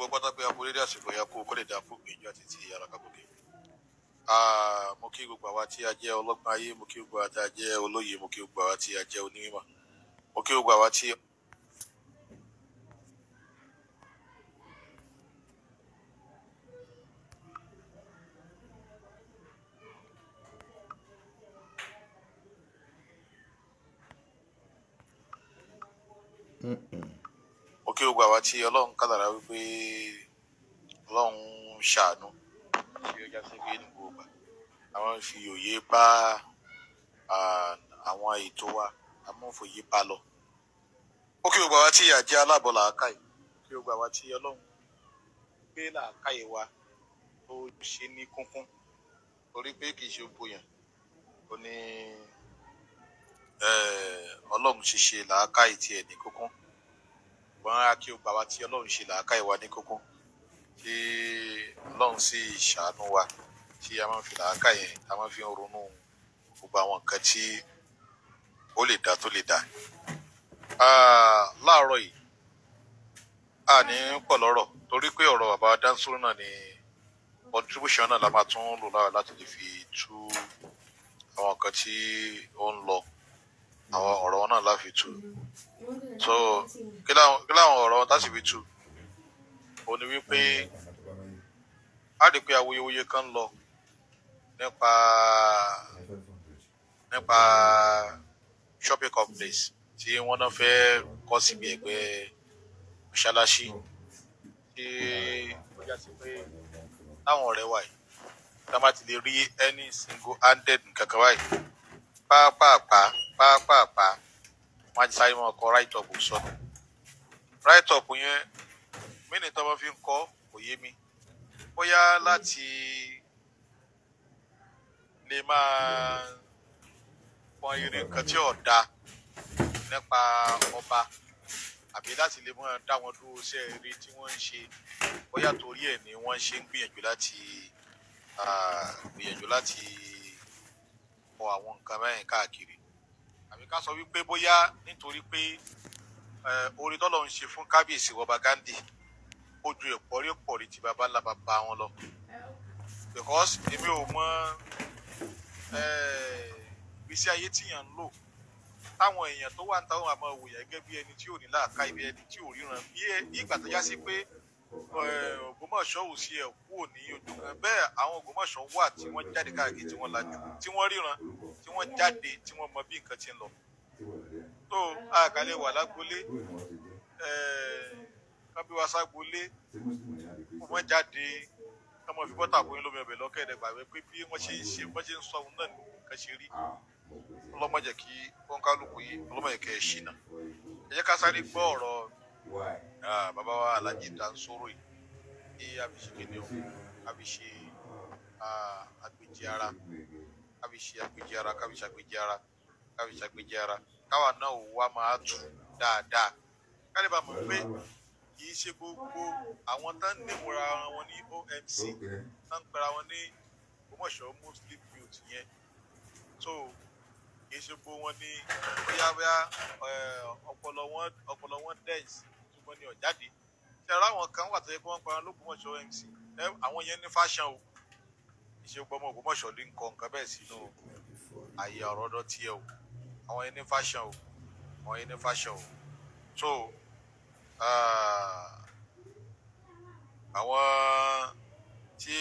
gbogbo pátápẹ́ apolódé àsìkò ya kó kó lè dá fún ìgbìyànjú àti ti arakagòkè mo kí gbogbo àwa tí a jẹ́ ọlọ́gbọ́n ayé mo kí gbogbo àwa tí a jẹ́ olóye mo kí gbogbo àwa tí a jẹ́ onímọ̀ mo kí gbogbo àwa tí. tí ọlọ́run kádàrá wípé ọlọ́run ṣàánú tí ó já sí pé nìgbò gbà àwọn fi òye bá àwọn ètò wa amófòye bá lọ. ó kí gbogbo àwa tí ìyà jẹ́ aláàbọ̀ làákàyè kí gbogbo àwa tí ọlọ́run gbé làákàyè wa tó ṣe ní kúnkún torí pé kì í ṣe gbogbo ó ní ọlọ́run ṣiṣẹ́ làákàyè tiẹ̀ ní kúnkún wọn á kí o bàbá tí Ọlọ́run ṣe làákà ìwà ní kókó tí Ọlọ́run sì ṣàánú wa tí a máa ń fi làákà yẹn a máa fi ń ronú gbogbo àwọn nǹkan tí ó lè dá tó lè dá láàárọ̀ yìí a ní pọ̀ lọ́rọ̀ torí pé ọ̀rọ̀ bàbá dáńsóró náà ni contribution náà la máa tún lò lára láti lè fi tú àwọn nǹkan tí ó ń lọ àwọn ọ̀rọ̀ wọn náà láfi tú mm-hmm. so kí láwọn ọ̀rọ̀ tá sì fi tú ó ní wípé a rí pé awuyewuye kan lọ nípa nípa shopping complex tí wọ́n náà fẹ́ kọ́ síbi ẹ̀gbẹ́ mọ́ṣáláṣí tí ó já sí pé táwọn ọ̀rẹ́ wà yìí tá má ti lè rí any single handed nǹkan kan báyìí pàápàá pápápá wọn á ti sáré máa kọ right up sọnù right up yẹn mínì tó bá fi ń kọ kò yé mi bóyá láti lè máa pọn irin nǹkan tí ò da nípa ọba àbí láti lè máa dá wọn dúró ṣe eré tí wọ́n ń ṣe bóyá torí ẹ̀ ni wọ́n ṣe ń gbìyànjú láti gbìyànjú láti kọ àwọn nǹkan mẹ́rin káàkiri àbí ká sọ wípé bóyá nítorí pé orí tọ́lọ̀ ń ṣe fún kábíyèsí ọba Ghandi ó ju ẹ̀pọ̀rẹ́pọ̀rẹ́ ti bàbá ńlá bàbá wọn lọ because èmi ò mọ ìgbésí ayé tíyàn ń lò táwọn èèyàn tó wà ń táwọn àmọ́ òwòyà gẹ́gẹ́ bí ẹni tí ò ní làákà ibi ẹni tí ò ríran bí ìgbà tó yá sí pé Ògbómọ̀ṣọ́ ò sí ẹ̀ kúò ní ojú kan bẹ́ẹ̀ àwọn Ògbómọ̀ṣọ́ wà tí wọ́n jáde káàkiri tí wọ́n lajú tí wọ́n ríran tí wọ́n jáde tí wọ́n mọ bí nǹkan ti ń lọ tó àkàlẹ̀ wà lágbolé kábí wa ságbolé wọ́n jáde ọmọ fi bọ́tà bóyin lómi ọbẹ̀ lọ́kẹ́rẹ́ gbàgbé pé bí wọ́n ṣe ń ṣe wọ́n ṣe ń sọ ohun náà nǹkan ṣe rí ọlọ́mọdé kí wọ́n kálukú yìí ọlọ́mọdé kẹ́ ẹ̀ ṣìnà ẹ jẹ́ ká sáré gbọ́ ọ̀rọ̀ bàbá wa Alhaji Dansoro yìí ní àbíṣe kìnìún àbíṣe àgbèjì ara káfi ṣe àpèjì ara káfi ṣàpèjì káwa náà ò wá máa tù dáadáa kálíbà mọ̀ pé kì ṣe gbogbo àwọn tá ń dìmúra wọn ní OMC tá ń pera wọn ní Ògbómọ̀ṣọ́ Muslim Youth yẹn so kì ṣe gbogbo wọn ní bóyá ọpọlọ wọn ọpọlọ wọn dẹ́ẹ̀sì ṣùgbọ́n ní ọ̀jáde ṣe ara àwọn kan wà tó yẹ kí wọ́n pa wọn lógbómọ̀ṣọ́ OMC àwọn yẹn ní fáṣán o ṣé o Ògbómọ̀ṣọ́ lè ń kọ nǹkan bẹ́ẹ̀ sínú àyè ọ̀rọ̀ ọdọ tiẹ̀ o àwọn ẹni fashion o àwọn ẹni fashion o so ah, àwọn tí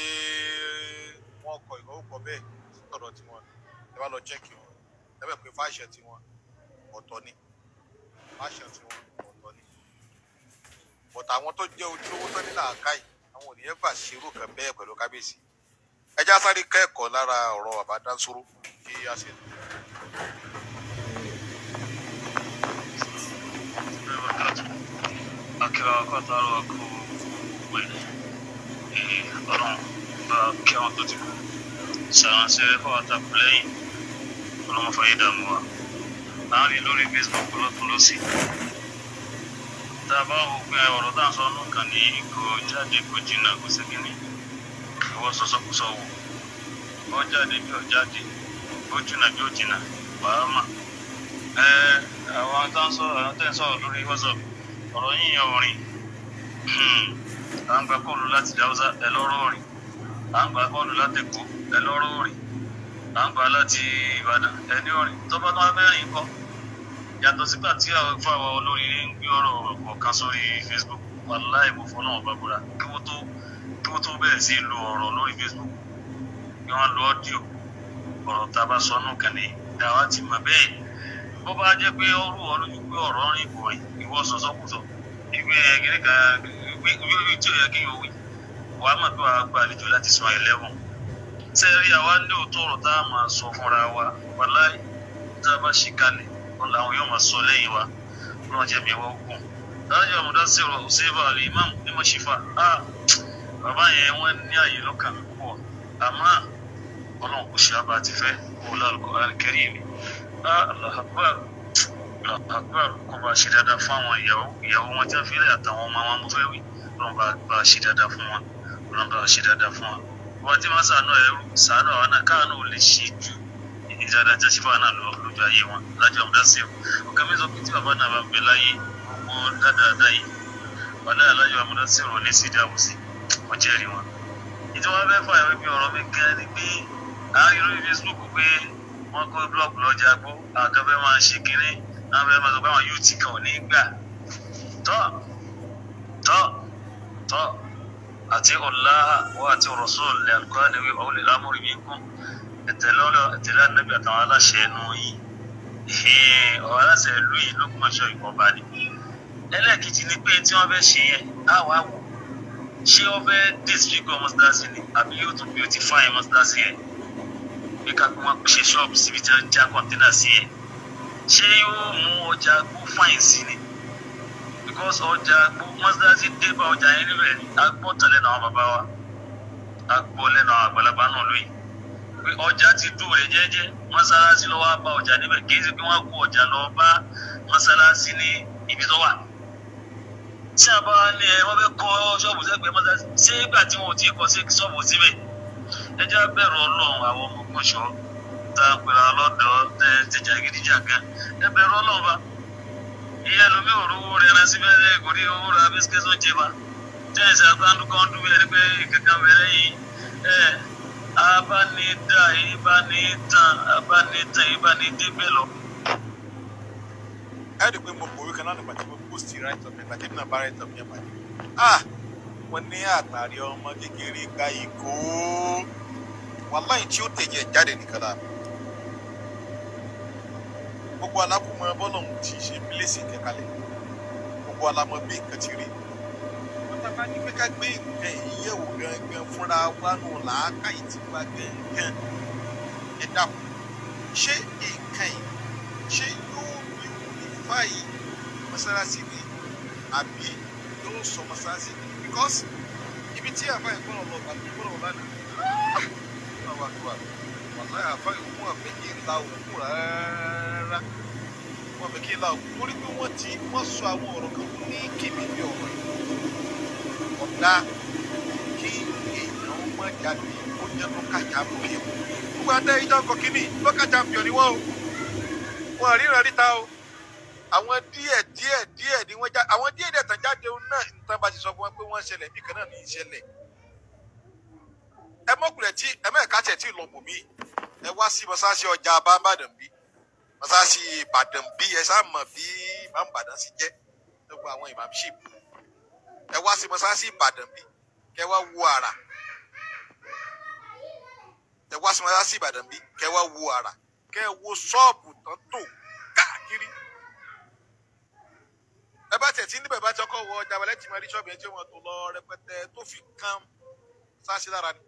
wọ́n kọ ìnáwó kọ bẹ́ẹ̀ sọ̀rọ̀ tiwọn ẹ bá lọ chẹ́kì wọn ẹ bẹ̀ pé fashion tiwọn ọ̀tọ̀ ni fashion tiwọn ọ̀tọ̀ ni but àwọn tó jẹ́ ojú owó tó ní làákàyè àwọn ò ní ẹ bá ṣerú kan bẹ́ẹ̀ pẹ̀lú kábíyèsí ẹ já sáré kẹ́kọ̀ọ́ lára ọ̀rọ̀ bàbá kí a ṣe. akẹ́wà kọ́tà ló kó wẹ̀lẹ̀ ọ̀run bá kẹ́wọ̀n tó ti kú sàrànṣẹ́ fọwọ́ tapọ̀ lẹ́yìn ọlọ́mọ fàyè dààmú wa láàrin lórí Facebook lọ́tún lọ́sì tá a bá wò pé ọ̀rọ̀ tá à ń sọ ọ́nù kan ní kò jáde kò jìnnà kò sí kínní wọ sọsọkúsọ wò ó jáde bí ó jáde ó jìnnà bí ó jìnnà wàá lórí WhatsApp ọ̀rọ̀ yìí yan orin hmm. à láti Hausa ẹ lọ́rọ̀ orin láti Èkó ẹ lọ́rọ̀ orin láti Ìbàdàn ẹni orin tọ́ba tó kọ́ yàtọ̀ sígbà tí àwọn fún àwọn olórin ń gbé ọ̀rọ̀ kọ̀ọ̀kan sórí Facebook wàláì mo náà bàbúrà kí wọ́n tó tó tó bẹ̀rẹ̀ sí lo ọ̀rọ̀ lórí Facebook kí wọ́n lo ọ́díò ọ̀rọ̀ tá a bá sọ nù kẹ́ni dàwa ti mọ̀ bẹ́ẹ̀ bó bá jẹ́ pé ó rú ọ lójú pé ọ̀rọ̀ rìn kò rìn ìwọ ìwé ìwé ìwé tí ò yẹ kí n wàá mọ̀ pé wàá gba àlejò láti sọ ẹlẹ́wọ̀n àwa ní òótọ́ ọ̀rọ̀ tá a máa sọ fúnra wa wàlá tá a bá ṣì kalẹ̀ yóò máa sọ lẹ́yìn wa gùn. dájọ́ àmúdá ọ̀sẹ̀ bá ní bàbá yẹn wọ́n ní àyè lọ́kàn mi púpọ̀ àmọ́ ọlọ́run kò ṣe abá ti fẹ́ ah, kó lálùkọ́ àkẹ́rì mi alahakubar alahakubar kò bá ṣe dáadáa fún àwọn ìyàwó ìyàwó wọn tí wọ́n fi lé àtàwọn ọmọ wọn mo fẹ́ wí ọlọ́run bá ṣe dáadáa fún wọn ọlọ́run bá ṣe dáadáa fún wọn wọ́n ti máa sànú ẹrú sànú àwọn náà káàánú ò lè ṣe ju ìdára jáṣífà náà lọ lójú ayé wọn lájọ ọmọdé sí ọ ọkàn mi sọ pé tí bàbá náà bá gbé láyé wọn dáadáa dáyé wọn náà lájọ ọmọdé sí ọ lè ṣe dáàbò sí i mo jẹ́rìí wọn ìdí wọn fẹ́ẹ́ fàyàwé bí ọ̀rọ̀ mi gan ni pé àárín lórí Facebook pé wọ́n kó blọọkù lọ́jà gbó àkàn fẹ́ẹ́ máa ṣe kínní àwọn fẹ́ẹ́ máa sọ pé àwọn yóò ti kàn ní gbà tọ́ tọ́ tọ́ àti ọ̀la wa àti Rasul lè àlùkò ni wí ọ̀hún lè lámúrí mi kún ẹ̀tẹ̀lọ́lọ́ ẹ̀tẹ̀lẹ́ ànábì àtàwọn aláṣẹ ẹnu yìí ọ̀rọ̀ aláṣẹ ìlú yìí ló kún ọ̀ṣọ́ ìkọ̀ọ̀bá ni ẹlẹ́ẹ̀kejì ni pé tí wọ́n fẹ́ ṣe yẹn á wàá wò ṣé ó fẹ́ disfigure mọ́sídásí ni àbí yóò tún beautify mọ́sídásí yẹn bí ká pé wọ́n ṣe ṣọ́ọ̀bù síbi tí wọ́n ń já kọ́ńtínà sí yẹn ṣé yóò mú ọjà gbó fáìn sí ni because ọjà gbó mọ́sídásí dé bá ọjà yẹn níbẹ̀ á gbọ́ tẹ̀lé náà bàbá wa á gbọ́ lẹ́nu àwọn àgbàlagbà náà lóyè pé ọjà ti dùn rẹ̀ jẹ́jẹ́ mọ́sálásí lọ́wọ́ á ọjà níbẹ̀ kì í ṣe pé wọ́n kó ọjà lọ bá mọ́sálásí ní ibi tó wà ṣé àbá ni ẹ wọ́n fẹ́ kọ́ ṣọ́ọ̀bù sẹ́gbẹ̀ẹ́ mọ́tà ṣé ìgbà tí wọn ò tí ì sí ṣọ́ọ̀bù síbẹ̀ ẹ jẹ́ bẹ̀rù ọlọ́run àwọn ọmọkùnrin ṣọ́ tá a pèrè alọ́dọ̀ tẹ̀jà gidigidi àgán ẹ bẹ̀rù bá ìyá ẹlòmíì ò rówó ẹran síbẹ̀ ẹ kò rí owó ra bísíkẹ́ tó jẹ bá tẹ́sí àtàndù kan dùn ẹni pé kankan bẹ̀rẹ̀ yìí ẹ abánidá ìbánitàn abánitàn ìbánidébẹ̀ lọ. ẹ dùn pé mo kò wí kan náà nígbà tí mo post right of ẹgbàá tẹ́mi náà bá right of yẹn ah wọ́n ní àtàrí ọmọ kékeré gba ìkó wàláì tí ó tẹ̀yẹ̀ jáde nìkan la gbogbo alákùnmọ́ bọ́lọ̀ ń ti ṣe bílẹ̀sì kẹkalẹ̀ gbogbo alámọ́ bí nǹkan ti rí wọ́n bá ní pé ká gbé nǹkan ìyẹ̀wò gangan fúnra wa nù làákàyè tí wàá gangan ẹ dàpọ̀ ṣé nǹkan yìí ṣé yóò bí wọ́n ní fáyì mọ́sálásí àbí ló ń sọ mọ́sáàsì because ibi tí àfa ẹ̀kọ́ lọ bá mi gbọ́dọ̀ bá mi náà wà tó wà wàláyà àfa ìwọ̀n àfẹ́ kí n la òkú rárá wọn àfẹ́ kí n la òkú torí pé wọ́n ti wọ́n sọ àwọn ọ̀rọ̀ kan ní kébì ní ọ̀rọ̀ ọ̀dà kí èèyàn má jáde kó jẹ́ lọ́kàjà pé wọ́n gbọ́dọ̀ ìjọ kọ̀kínì lọ́kàjà pìọ̀ ni wọ́n o wọ́n àríran níta o àwọn díẹ̀ díẹ̀ díẹ̀ ni wọ́n já àwọn díẹ̀ díẹ̀ tán jáde náà tán bá ti sọ fún wọn pé wọ́n ṣẹlẹ̀ bí kan náà ní í ṣẹlẹ̀ ẹ mọ̀kùnrin tí ẹ mọ̀ ẹ̀ka tẹ̀ tí ì lọ bò mí ẹ wá sí mọ́sáàsì ọjà bámbàdàn bí mọ́sáàsì ìbàdàn bí ẹ sá mọ̀ bí ìmáàmù bàdàn sí jẹ́ gbogbo àwọn ìmáàmù ṣì bù ẹ wá sí mọ́sáàsì ìbàdàn bí kẹ wá wo àrà ẹ wá sí mọ́sáàsì ìbàdàn bí kẹ wá wo àrà kẹ wo ṣọ́ọ̀bù tán tò káàkiri ẹ bá tẹ̀ tí níbẹ̀ bá ti ọkọ̀ wọ jabalẹ̀ tí máa rí ṣọ́ọ̀bù yẹn tí wọ́n tó lọ rẹpẹtẹ tó fi kan sáṣí lára ni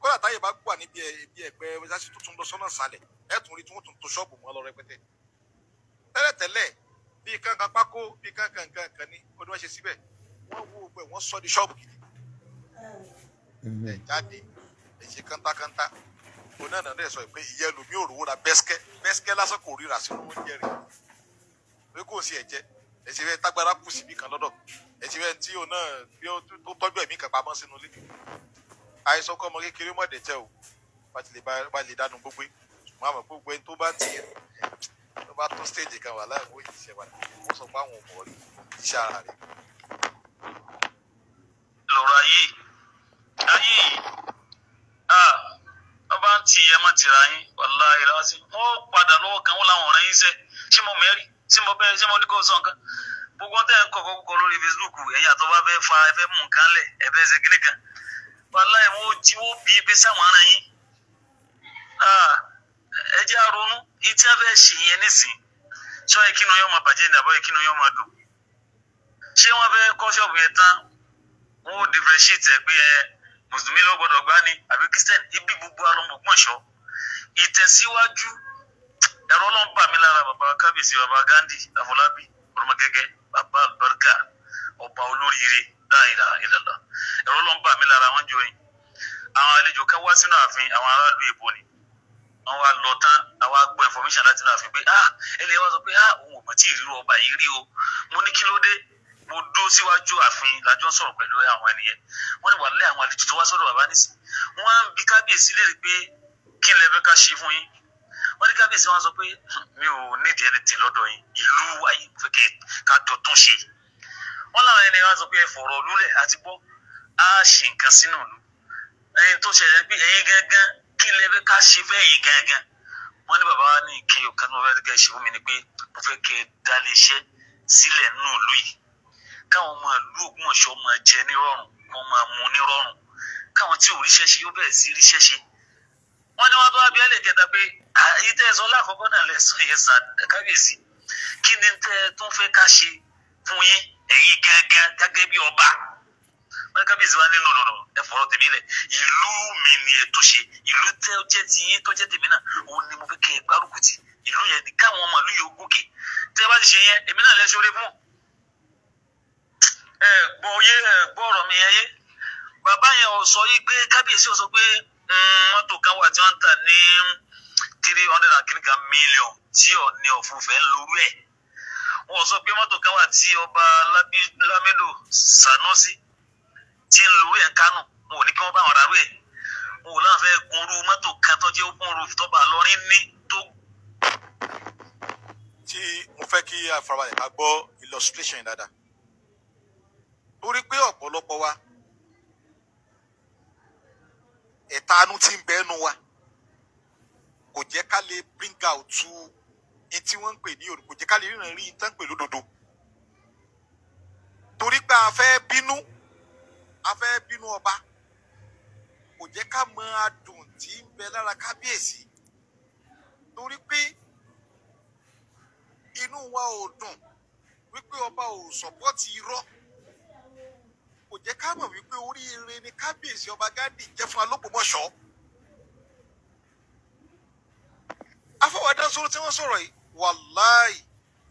kódà táyé bá gbà níbi ẹbí ẹgbẹ́ sáṣí tó tún lọ sọ́nà sálẹ̀ ẹ tún rí tí wọ́n tún tó ṣọ́ọ̀bù mọ́ lọ rẹpẹtẹ tẹ́lẹ̀tẹ́lẹ̀ bíi kankan pákó bíi kankan kankan ni ó ní wọ́n ṣe síbẹ̀ wọ́n wó gbẹ wọ́n sọ di ṣọ́ọ̀bù gidi ẹ jáde ẹ ṣe kántákántá òun náà nàá sọ pé ìyẹn lomi òrùwó ra bẹ́sikẹ́ bẹ́sikẹ́ lásán kò ríra sínú oúnjẹ rẹ̀ pé kò sí ẹ̀jẹ̀ ẹ ti rẹ tágbára kù síbi kan lọ́dọ̀ ẹ ti rẹ tí o náà bí o tó tọ́jú ẹ̀mí kan pamọ́ sínú ilé àìsàn kọ́ ọmọ kékeré mọ̀ dẹ̀tẹ̀ o bá ti lè bá lè dánú gbogbo ṣùgbọ́n àmọ́ gbogbo ẹni tó bá ti tó bá tó stage kan wà láàbò ìṣẹ̀ wà ó sọ pé àwọn ọmọ rẹ iṣẹ́ ara rẹ. lọ́rọ̀ ayé ayé ọba ń ti ẹ̀ mọ̀ tìra yín wàláhì ìlàsí wọ́n padà lọ́wọ́ kan wọ́n làwọn ọ̀rẹ́ yín sẹ́ ṣé mo mẹ́rin tí mo bẹ̀rẹ̀ tí mo ní kó sọ nǹkan gbogbo tẹ́ ẹ̀ ń kọ̀kọ́ kọ lórí Facebook ẹ̀yin àtọ́wá fẹ́ fa ẹ fẹ́ mú nǹkan lẹ̀ ẹ fẹ́ ṣe kíní kan wàláì wo tí wọ́n bí pé sáwọn ara yín ẹ jẹ́ àrònú ìtí ẹ fẹ́ ṣì yẹn nísìn sọ ẹ kínú yóò máa bàjẹ́ ìdàbọ̀ ẹ kínú yóò máa dùn ṣé wọ́n fẹ́ kọ́ ṣọ́ọ̀bù yẹn tán wọ́n ó differentiate ẹ pé ẹ mùsùlùmí ló gbá ni àbí Christian ibi gbogbo alọ́mọ̀gbọ́n ṣọ́ ìtẹ̀síwájú ẹ̀rọ náà bà mí lára bàbá kábíyèsí bàbá Gandhi Afolabi, ọmọgẹ́gẹ́ bàbá àlùbáríkà ọba olóríire láìra ìlàlá ẹ̀rọ náà bà mí lára wọn jọyìn àwọn àlejò kan wá sínú ààfin àwọn aráàlú èbó ni wọn wá lọ tán àwa gbọ́ information láti náà fi pé ah ẹni wá sọ pé ah òun ò mọ̀ tí ìrírò ọba yìí rí o mo ní kí ló dé mo dó síwájú ààfin lájọ sọ̀rọ̀ pẹ̀lú àwọn ènìyàn wọn ni wà lé àwọn àlejò tó wá sọ́dọ̀ bàbá nísìn wọn ń bi kábíyèsí léèrè pé kí n lè fẹ́ ká ṣe fún yín wọ́n ní kábíyèsí wọn sọ pé hmm, mi ò nídìí ẹni tì lọ́dọ̀ yìí ìlú wáyé fẹ́ kẹ́ ká jọ tún ṣe wọ́n láwọn ẹni wọn sọ pé ẹ fọ̀rọ̀ lúlẹ̀ àti gbọ́ á ṣe nǹkan sínú ìlú ẹni tó ṣẹlẹ̀ pé ẹ̀yin gangan kí lẹ fẹ́ ká ṣe fẹ́ ẹ̀yin gangan wọ́n ní bàbá ní kí o kánú bá fẹ́ ṣe fún mi ni pé mo fẹ́ kẹ́ dá lè sílẹ̀ nínú ìlú yìí káwọn máa jẹ nírọ̀rùn wọ́n máa mu bá bí ẹ lè kẹta pé ìtẹ́ ẹ̀sọ́ lákọ̀ọ́kọ́ náà lè sọ yẹn sà kábíyèsí kí ni tẹ́ ẹ tún fẹ́ ká ṣe fún yín ẹ̀yin gángan gẹ́gẹ́ bí ọba wọn kábíyèsí wa nínú nùnù ẹ fọ̀rọ̀ tèmi lẹ̀ ìlú mi ni ẹ tó ṣe ìlú tẹ́ ọ jẹ́ ti yín tó jẹ́ tèmi náà òun ni mo fẹ́ kẹ́ ẹ gbárùkù tì ìlú yẹn ni káwọn ọmọ ìlú yóò gòkè tẹ́ ẹ bá ti ṣe yẹn èmi náà lẹ́ ṣoore fún ẹ gbọ́ yé ẹ gbọ́ ọ̀rọ̀ mi yẹn yé bàbá yẹn ò sọ yí kábíyèsí ò pé mm, mọ́tò kan wà tí wọ́n ń tà ní three hundred and kìnnìkan million tí Ọ̀ọ̀ni ọ̀fùnfẹ́ ń lorú ẹ̀ wọ́n sọ pé mọ́tò kan wà tí ọba Lamido Sanusi ti ń lorú ẹ̀ Kánò wọn ò ní kí wọ́n bá wọn rárú ẹ̀ wọn ò láǹfẹ́ gunrú mọ́tò kan tó jẹ́ open roof tó bá lọ́rin ní tó. tí mo fẹ́ kí àfarabalẹ̀ ká gbọ́ illustration dáadáa torí pé ọ̀pọ̀lọpọ̀ wa ẹ̀tanú ti ń bẹ́nu wa kò jẹ́ ká lè bring out to in tí wọ́n ń pè ní òdò kò jẹ́ ká lè ríran rí tán pè lódodo torí pé a fẹ́ bínú a fẹ́ bínú ọba kò jẹ́ ká mọ adùn tí ń bẹ lára kábíyèsí torí pé inú wa ò dùn wípé ọba ò sọ̀pọ́tì irọ́ kò jẹ́ ká mọ̀ wípé oríire ni kábíyèsí ọba Ghandi jẹ́ fún Alógbòmọ̀ṣọ́. afọwọ́dá sọ̀rọ̀ tí wọ́n sọ̀rọ̀ yìí wàláì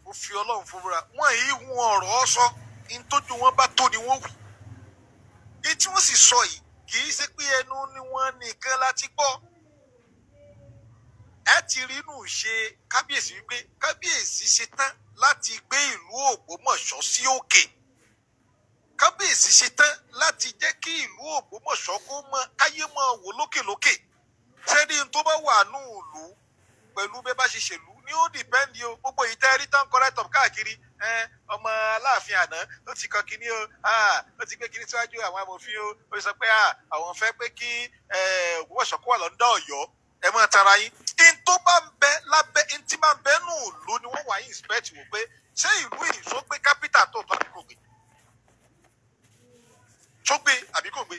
ó fi ọlọ́run fúnra wọn yìí wọn ọ̀rọ̀ ọ sọ ntójú wọn bá tó ni wọn wì èyí tí wọ́n sì sọ yìí kì í ṣe pé ẹnu ni wọ́n nìkan láti gbọ́ ẹ ti rí inú ṣe kábíyèsí wípé kábíyèsí ṣetán láti gbé ìlú Ògbómọ̀ṣọ́ sí òkè kábíyèsí ṣetán láti jẹ́ kí ìlú Ògbómọ̀ṣọ́ kó mọ káyé mọ wò lókèlókè sẹ́ni tó bá wà nù ìlú pẹ̀lú bẹ́ẹ̀ bá ṣe ṣèlú ni ó dìpẹ́ndì o gbogbo yìí tẹ́rí tán kọ́rẹ́tọ̀ káàkiri ọmọ aláàfin àná ó ti kan kínní o ó ti gbé kínní síwájú àwọn amòfin o ó sọ pé àwọn fẹ́ pé kí Ògbómọ̀ṣọ́ kó wà lọ́ńdà Ọ̀yọ́ ẹ mọ tara yín in tó bá ń bẹ lábẹ́ in tí máa ń bẹ nù ló ni wọ́n wà yín inspect wò pé ṣé ìlú yìí só gbé kápítà tó tó àbí kò gbé só gbé àbí gbé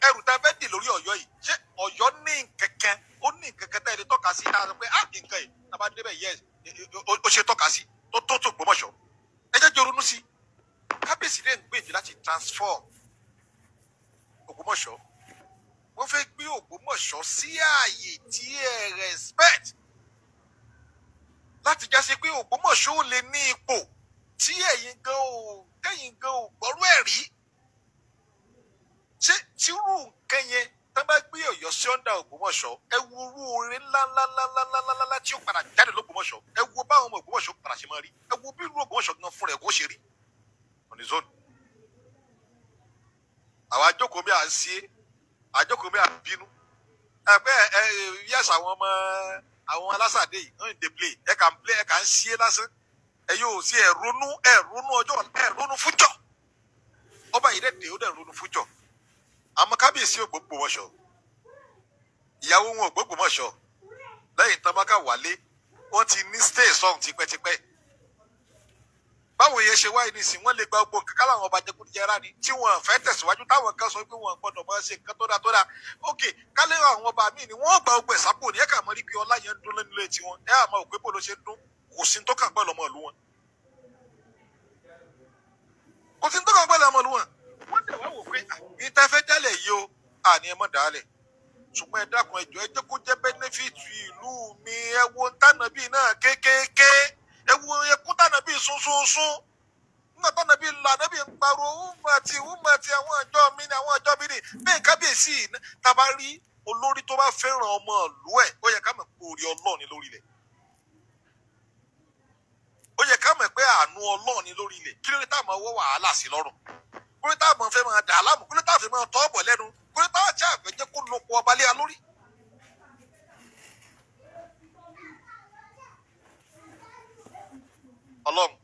ẹrù tá a fẹ́ dì lórí ọ̀yọ́ yìí ṣé ọ̀yọ́ ní nkankan ó ní nkankan tá a lè tọ́ka sí náà pé ah nkan yìí tàbá débẹ̀ yẹ ó ṣe tọ́ka sí tó tó tó gbọ́mọ̀ṣọ́ ẹ jẹ́ jorunú sí kábíyèsí lè ń gbèjì láti transform Ògbómọ̀ṣọ́ wọ́n fẹ́ gbé Ògbómọ̀ṣọ́ sí ààyè tí ẹ respect láti já sí pé Ògbómọ̀ṣọ́ ò lè ní ipò tí ẹ̀yin gan ò tẹ̀yin gan ò gbọ́rú ẹ̀ rí ṣé tírú nǹkan yẹn tá bá gbé Ọ̀yọ́ sí ọ̀ndà Ògbómọ̀ṣọ́ ẹ wo orú orin ńláńláńláńláńlá tí ó padà jáde l'Ógbómọ̀ṣọ́ ẹ wo báwọn ọmọ Ògbómọ̀ṣọ́ padà ṣe máa rí ẹ wo bí irú Ògbómọ̀ṣọ́ gan fúnra ẹ̀ kó ṣe rí ọ̀nìzọ́nù àwọn àjókòó bí à ń ṣe àjókòó bí à ń bínú ẹ ẹ yẹsẹ àwọn ọmọ àwọn alásàdé yìí ń dè play ẹ kà ń play ẹ kà ń ṣe lásán ẹ yóò ṣe ẹ ronú ẹ ronú ọjọ́ ẹ ronú fújọ ọba àmọ́ kábíyèsí ò gbogbo wọṣọ ìyàwó wọn ò gbogbo mọṣọ lẹ́yìn tán bákà wálé wọ́n ti ní stay song tipẹ́tipẹ́ báwo yẹn ṣe wáyé nísìn wọ́n lè gba gbogbo nǹkan káláwọn ọba jẹgúdújẹrá ni tí wọ́n fẹ́ tẹ̀síwájú táwọn kan sọ pé wọ́n gbọ́dọ̀ máa ṣe nǹkan tó dáa tó dáa ok kálẹ àwọn ọba míì ni wọ́n gba gbogbo ẹsàpò ní ẹka mọrí bí ọlá yẹn ń dún lẹnu létí wọn ẹ àmọ́ òpé bó ló ṣe ń dún kò sí tó kàn gbọlọmọlú wọn kò sí tó kàn gbọlọmọlú wọn wọ́n dẹ̀ wá wò pé ìtafẹ́ ah, dálẹ̀ yìí o àní ẹ mọ̀ dálẹ̀ ṣùgbọ́n ẹ dákun ẹjọ́ ẹ jẹ́ kó jẹ́ bẹ́nẹ́fìtì ìlú mi ẹ wo tànàbí náà kéékèèké ẹ wo ẹkú tànàbí sunsunsun nígbà tànàbí là nàbí ń pariwo wúmọ àti wúmọ àti àwọn àjọ mi ni àwọn àjọ mi ni bẹ́ẹ̀ kábíyèsí tàbá rí olórí tó bá fẹ́ràn ọmọ ìlú ẹ̀ ó yẹ ká mọ̀ pé orí ọlọ́ọ̀ ni lórí ilẹ̀ ó yẹ ká mọ̀ pé àánú ọlọ́ọ̀ ni lórí ilẹ̀ kí ló ní táwọn ọwọ́ wàhálà sí kúlẹ̀ tá a mọ̀ fẹ́ máa dà á láàmú kúlẹ̀ tá a fẹ́ máa tọ́ ọ̀bọ̀ lẹ́nu kúlẹ̀ tá a kó lóko ọba lé a lórí. ọlọ́run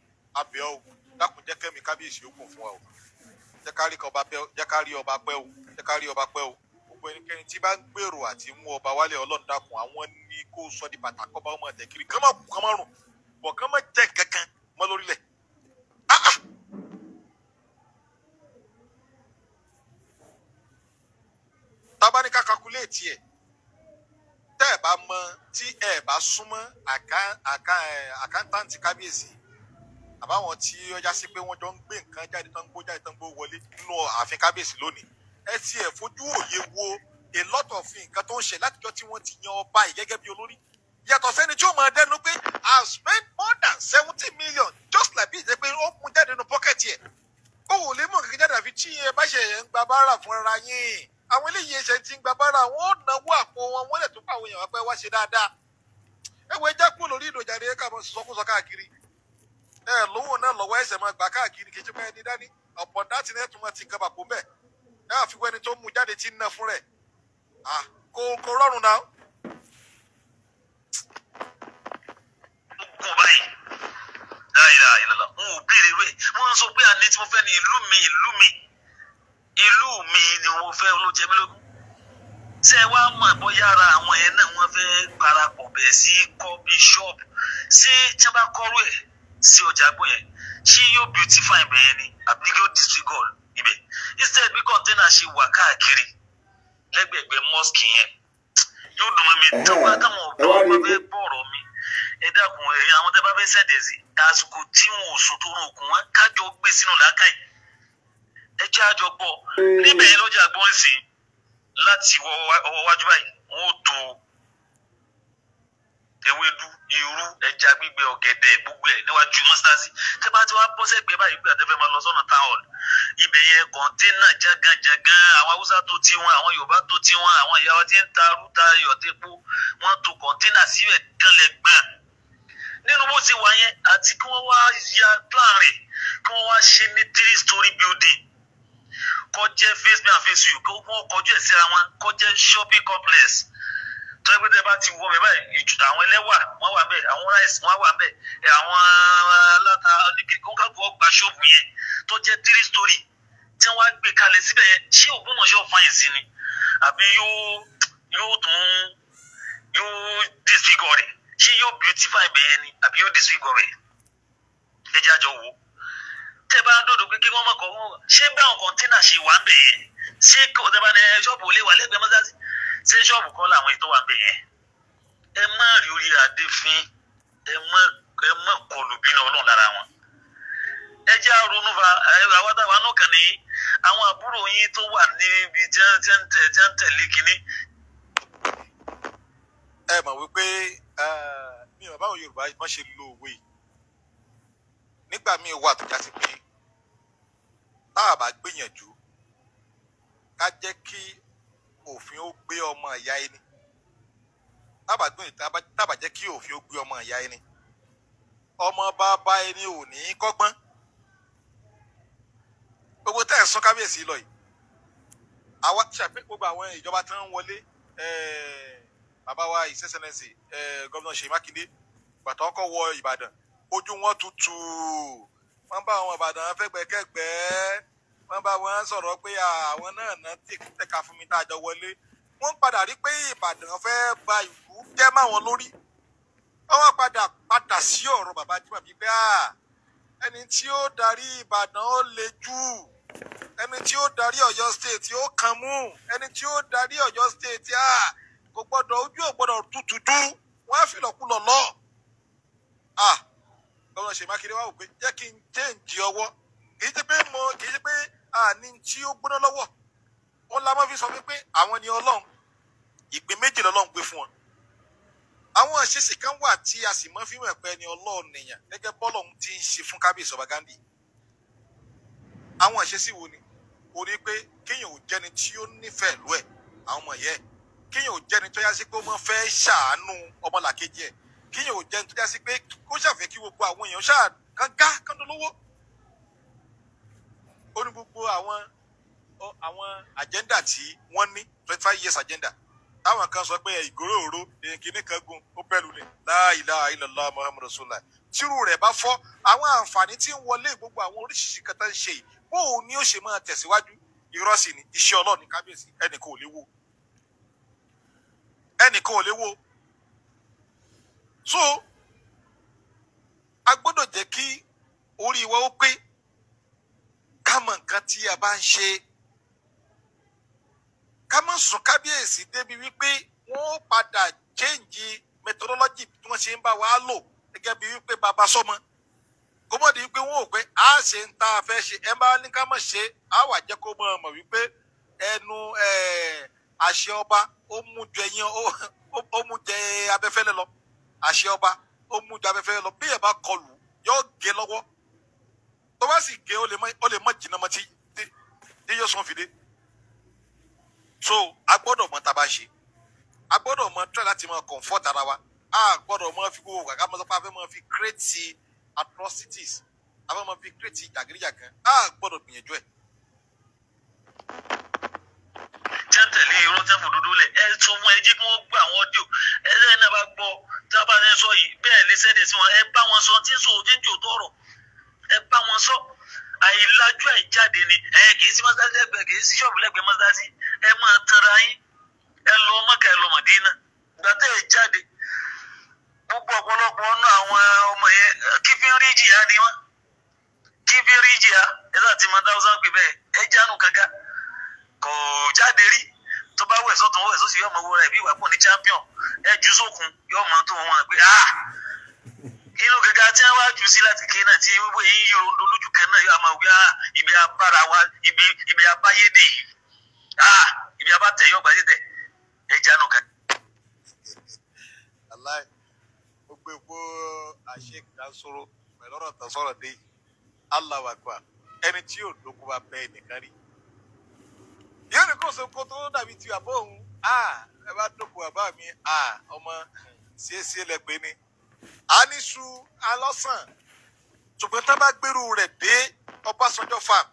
o dákun jẹ́ kẹ́mi kábíyèsí ó kún fún wa o jẹ́ ká rí ọba pẹ́ o jẹ́ ká rí ọba pẹ́ o jẹ́ ká rí ọba pẹ́ o gbogbo ẹnikẹ́ni tí bá ń gbèrò àti mú ọba wálé ọlọ́run dákun àwọn ní kó sọ di bàtà kọ́ba ọmọ ẹ̀tẹ̀ kiri kán má kú kán má rùn bọ̀ kán má jẹ́ kankan mọ́ lórílẹ̀. Ah, ah. tabaníkà kakuléètì ẹ̀ tẹ́ ẹ̀ bá mọ tí ẹ̀ bá súnmọ́ àkántàǹtì kábíyèsí àbáwọn tí ó já sí pé wọ́n jọ ń gbé nǹkan jáde tán ń gbó jáde tán ń gbó wọlé nínú ààfin kábíyèsí lónìí ẹ ti ẹ̀ fojú òye wo a lot of nǹkan tó ń ṣe látijọ́ tí wọ́n ti yan ọba yìí gẹ́gẹ́ bí olórí yàtọ̀ sẹ́ni tí ó máa dẹnu pé i spent more than seventy million just like bíi pé ó kún jáde nínú pọ́kẹ́tì ẹ̀ ó wò lè mọ̀ kékeré jáde àfi tí ẹ bá ṣe ń gba báárà fúnra yín àwọn eléyìí ẹsẹ̀ ti ń gba bára wọn ò náwó àpò wọn wọ́n lẹ̀ tó pa àwọn èèyàn wá pé wá ṣe dáadáa ẹ wo kúrò lórí ìdòjà rẹ̀ ká sọkúsọ káàkiri ẹ lówó náà lọ́wọ́ ẹsẹ̀ máa gbà káàkiri kejì máa ẹni dání ọ̀pọ̀ dáàtì náà tún máa ti kaba kó mẹ́ ẹ àfiwọ́ ẹni tó mú jáde ti ná fún rẹ̀ kò kò rọrùn náà. báyìí láyìí láyìí lọ́la n ò béèrè wé wọ́n sọ pé àní tí mo fẹ́ ní ìlú mi ìlú mi ìlú mi ni wọ́n fẹ́ ló jẹ lógún ṣé ẹ wá mọ̀ bóyá ara àwọn yẹn náà wọ́n fẹ́ parapọ̀ bẹ̀rẹ̀ sí kọ́ bí ṣọ́ọ̀bù ṣé tí wọ́n bá sí ọjà àgbo yẹn ṣé yóò beautify ibẹ̀ yẹn ni àbí yóò disregard ibẹ̀ instead bí kọ́ńténà ṣe wà káàkiri lẹ́gbẹ̀gbẹ̀ mosque yẹn yóò dùn mí tó bá táwọn ọ̀dọ́ bá fẹ́ mi ẹ dákun ẹ̀yìn àwọn tẹ́ bá fẹ́ sẹ̀dẹ̀ àsìkò tí wọn ò sùn tó rùn òkun wọn kájọ gbé sínú làákàyè ẹ jẹ́ àjọ gbọ́ níbẹ̀ yẹn lọ́jà gbọ́n sí láti ọwọ́ wájú báyìí wọ́n ó to ewédú irú ẹja gbígbẹ ọ̀gẹ̀dẹ̀ gbogbo ẹ̀ níwájú mọ́sálásí tẹ́ bá ti wá bọ́ sẹ́gbẹ̀ẹ́ báyìí gbà tẹ́fẹ́ máa lọ sọ́nà táwọn ibẹ̀ yẹn kọ̀ńténà jágánjágán àwọn haúsá tó ti wọn àwọn yorùbá tó ti wọn àwọn ìyá wa ti ń ta rúta yọ̀tẹ́pó wọ́n to kọ̀ńténà síbẹ̀ kanlẹ̀ gbọ̀n nínú bó ti wà yẹn àti kí wọ́n wá ya plan rẹ̀ kí wọ́n wá ṣe ní three story building kọ́ face me and face you kó wọ́n kọjú ẹ̀ síra wọn kó jẹ́ shopping complex tó ẹgbẹ́ tẹ bá ti wọ bẹ́ẹ̀ báyìí àwọn ẹlẹ́wà wọ́n wà bẹ́ẹ̀ àwọn rice wọ́n wà bẹ́ẹ̀ àwọn eh, aláta oníkèké ká gbọ́ gba ṣọ́ọ̀bù yẹn tó jẹ́ three story tí wọ́n á gbé kalẹ̀ síbẹ̀ yẹn ṣé Ògbómọ̀ṣọ́ fàyìn sí ni àbí yóò yóò tún yóò disfigure rẹ̀ ṣé yóò beautify bẹ́ẹ̀ ni àbí yóò disfigure rẹ̀ ẹ jẹ́ àjọ wò ó tẹ́ bá ń dòdò pé kí wọ́n mọ̀ kọ́ wọ́n ṣé báwọn kọ́ńtínà ṣe wà ń bẹ̀ yẹn ṣé tẹ́ bá ní ṣọ́ọ̀bù olè wà lẹ́gbẹ̀ẹ́ mọ́sáàsì ṣé ṣọ́ọ̀bù kọ́ làwọn ètò wà ń bẹ̀ yẹn ẹ má rí orí adé fín ẹ má ẹ má kọlù bínú ọlọ́run lára wọn ẹ jẹ́ ronú fa àwọn táwa náà kàn ní àwọn àbúrò yín tó wà níbi tí wọ́n tẹ̀lé kínní. ẹ mọ̀ wípé ah, mi ò bá àwọn Yorùbá má ṣe lo òwe yìí nígbà míì wà tó já sí pé tá a bá gbìyànjú ká jẹ́ kí òfin ó gbé ọmọ ìyá ẹni tá tá a bá jẹ́ kí òfin ó gbé ọmọ ìyá ẹni ọmọ bàbá ẹni ò ní kọ́gbọ́n gbogbo tẹ́ ẹ̀ sún kábíyèsí lọ yìí àwa ṣàpè gbogbo àwọn ìjọba tí wọ́n wọlé bàbá wa his excellency Ṣèyí Mákindé bàtà ọkọ̀ wọ Ìbàdàn ojú wọn tutù wọn bá àwọn ìbàdàn fẹgbẹkẹgbẹ wọn bá wọn sọ̀rọ̀ pé àwọn náà náà tì tẹka fún mi tá a jọ wọlé wọn padà rí pé ìbàdàn fẹ́ ba ìlú jẹ́ máwọn lórí wọn padà padà sí ọ̀rọ̀ bàbá Jímọ̀bí pé ẹni tí ó darí ìbàdàn ó le jù ẹni tí ó darí Ọ̀yọ́ state ó kàn mú ẹni tí ó darí Ọ̀yọ́ state kò gbọ́dọ̀ ojú ò gbọ́dọ̀ tutù dú wọn á fi lọkulọ lọ. Ah lọ́nà ṣe mákindé wá wò pé jẹ́ kí n jẹ́ǹjì ọwọ́ kì í ṣe pé mo kì í ṣe pé àní tí ó gbóná lọ́wọ́ ó lámọ́ fi sọ wípé àwọn ni ọlọ́run ìpín méjì lọ́lọ́run gbé fún wọn. àwọn àṣeṣe kan wà tí a sì mọ́ fíwọn ẹ̀pẹ́ ni ọlọ́run nìyàn gẹ́gẹ́ bọ́lọ́run ti ń ṣe fún kábíyèsí ọba Ghandi. àwọn àṣeṣe wo ni o rí pé kéèyàn ò jẹ́ni tí ó nífẹ̀ẹ́ lú ẹ̀ àwọn ọmọ yẹn kéèyàn ò jẹ́ni tó yá sí pé ó mọ fẹ́ ṣàánú ọmọlàkejì ẹ̀ kíyàn ò jẹun tó já sí pé kó ṣàfẹ́ kí gbogbo àwọn èèyàn ṣáà kan gá lówó ó ní gbogbo àwọn àwọn agenda tí wọ́n ní twenty five years agenda táwọn kan sọ pé ìgòrò òru kìíní kan gun ó bẹ́ẹ̀ lulẹ̀ la ilaha illallah muhammadu rasulullah tírú rẹ̀ bá fọ́ àwọn àǹfààní tí ń wọlé gbogbo àwọn oríṣiríṣi kan tó ń ṣe bóun ni ó ṣe máa tẹ̀síwájú irọ́ iṣẹ́ ọlọ́ọ̀ni kábíyèsí ẹnìkan ò léwo ẹnìkan ò léwo so a gbọ́dọ̀ jẹ́ kí orí wa ó pé ká mọ nǹkan tí a bá ń ṣe ká mọ sùn kábíyèsí débi wípé wọn ó padà chéǹjì methodology tí wọn ṣe ń bá wa lò gẹ́gẹ́ bí wípé bàbá sọmọ kó di wípé wọn ò pé a ṣe ń ta afẹ́ ṣe ẹ bá ní ká mọ̀ ṣe a wà jẹ́ kó mọ̀ mọ̀ wípé ẹnu àṣẹ ọba ó mú jẹ abẹ́fẹ́lẹ́ lọ àṣẹ ó mú ju afẹ́fẹ́ lọ bí ẹ̀ kọlù yóò gé lọ́wọ́ tó bá sì gé ó lè mọ jìnnà mọ tí tí yóò sàn fìdé so a gbọ́dọ̀ mọ tá a bá ṣe a gbọ́dọ̀ mọ try láti mọ comfort ara wa a gbọ́dọ̀ mọ fi gbogbo kàkà mọ sọpá a fẹ́ mọ fi create atrocities a fẹ́ mọ fi create jàgídíjàgan a gbọ́dọ̀ gbìyànjú ẹ̀ tẹ́ tẹ̀lé irọ́ tẹ́ fòdodo lẹ̀ ẹ sọ wọn ẹ jẹ́ kí wọ́n gbọ́ àwọn ọ́díò ẹ ẹ náà bá gbọ́ tá a bá ń sọ yìí bẹ́ẹ̀ lè sẹ́dẹ̀ sí wọn ẹ bá wọn sọ tí ń sọ òjé jò tọrọ ẹ bá wọn sọ àìlájú àìjáde ni ẹ kì í sí mọ́sálásí lẹ́gbẹ̀ẹ́ kì í sí ṣọ́ọ̀bù lẹ́gbẹ̀ẹ́ mọ́sálásí ẹ máa tanra yín ẹ lọ Mẹ́kà ẹ lọ Mọ̀dínà gbàtẹ́ ẹ jáde gbogbo ọ̀pọ̀lọpọ̀ ọ̀nà àwọn ọmọ yẹn kífíríjìá ni wọ́n kífíríjìá ẹ láti mọ dáwọ́sán pé bẹ́ẹ̀ ẹ jánu kankan kò jáde rí tó bá wẹ̀ sọ́tún wẹ̀ sósì yọmọ wúra ẹ̀ bí ìwà pọ̀ ní champion ẹ jù sókun yọmọ tó wọn pé ah inú gẹ́gẹ́ tí wọ́n wá jù sí láti kéé náà tí wíwọ́ yìí yòrò ń dolójú kan náà yóò máa wí ah ibi abára wa ibi ibi abáyédè ah ibi abátẹ̀ yóò gbà títẹ̀ ẹ jánu kan. aláì ó gbé epo àṣekà sọ̀rọ̀ pẹ̀lú ọ̀rọ̀ tó sọ̀rọ̀ dé aláwàgbà ẹni tí yóò dókòwà bẹ́ẹ̀ nìkan rí yóò ní kó soko tó dàbí ti àbọ̀ òun ẹ bá dọ̀pọ̀ bàbá mi ọmọ ṣeéṣe lẹ pé ni a ní su alọ́sàn ṣùgbọ́n tá a bá gbèrú rẹ̀ dé Ọbásanjọ́ farm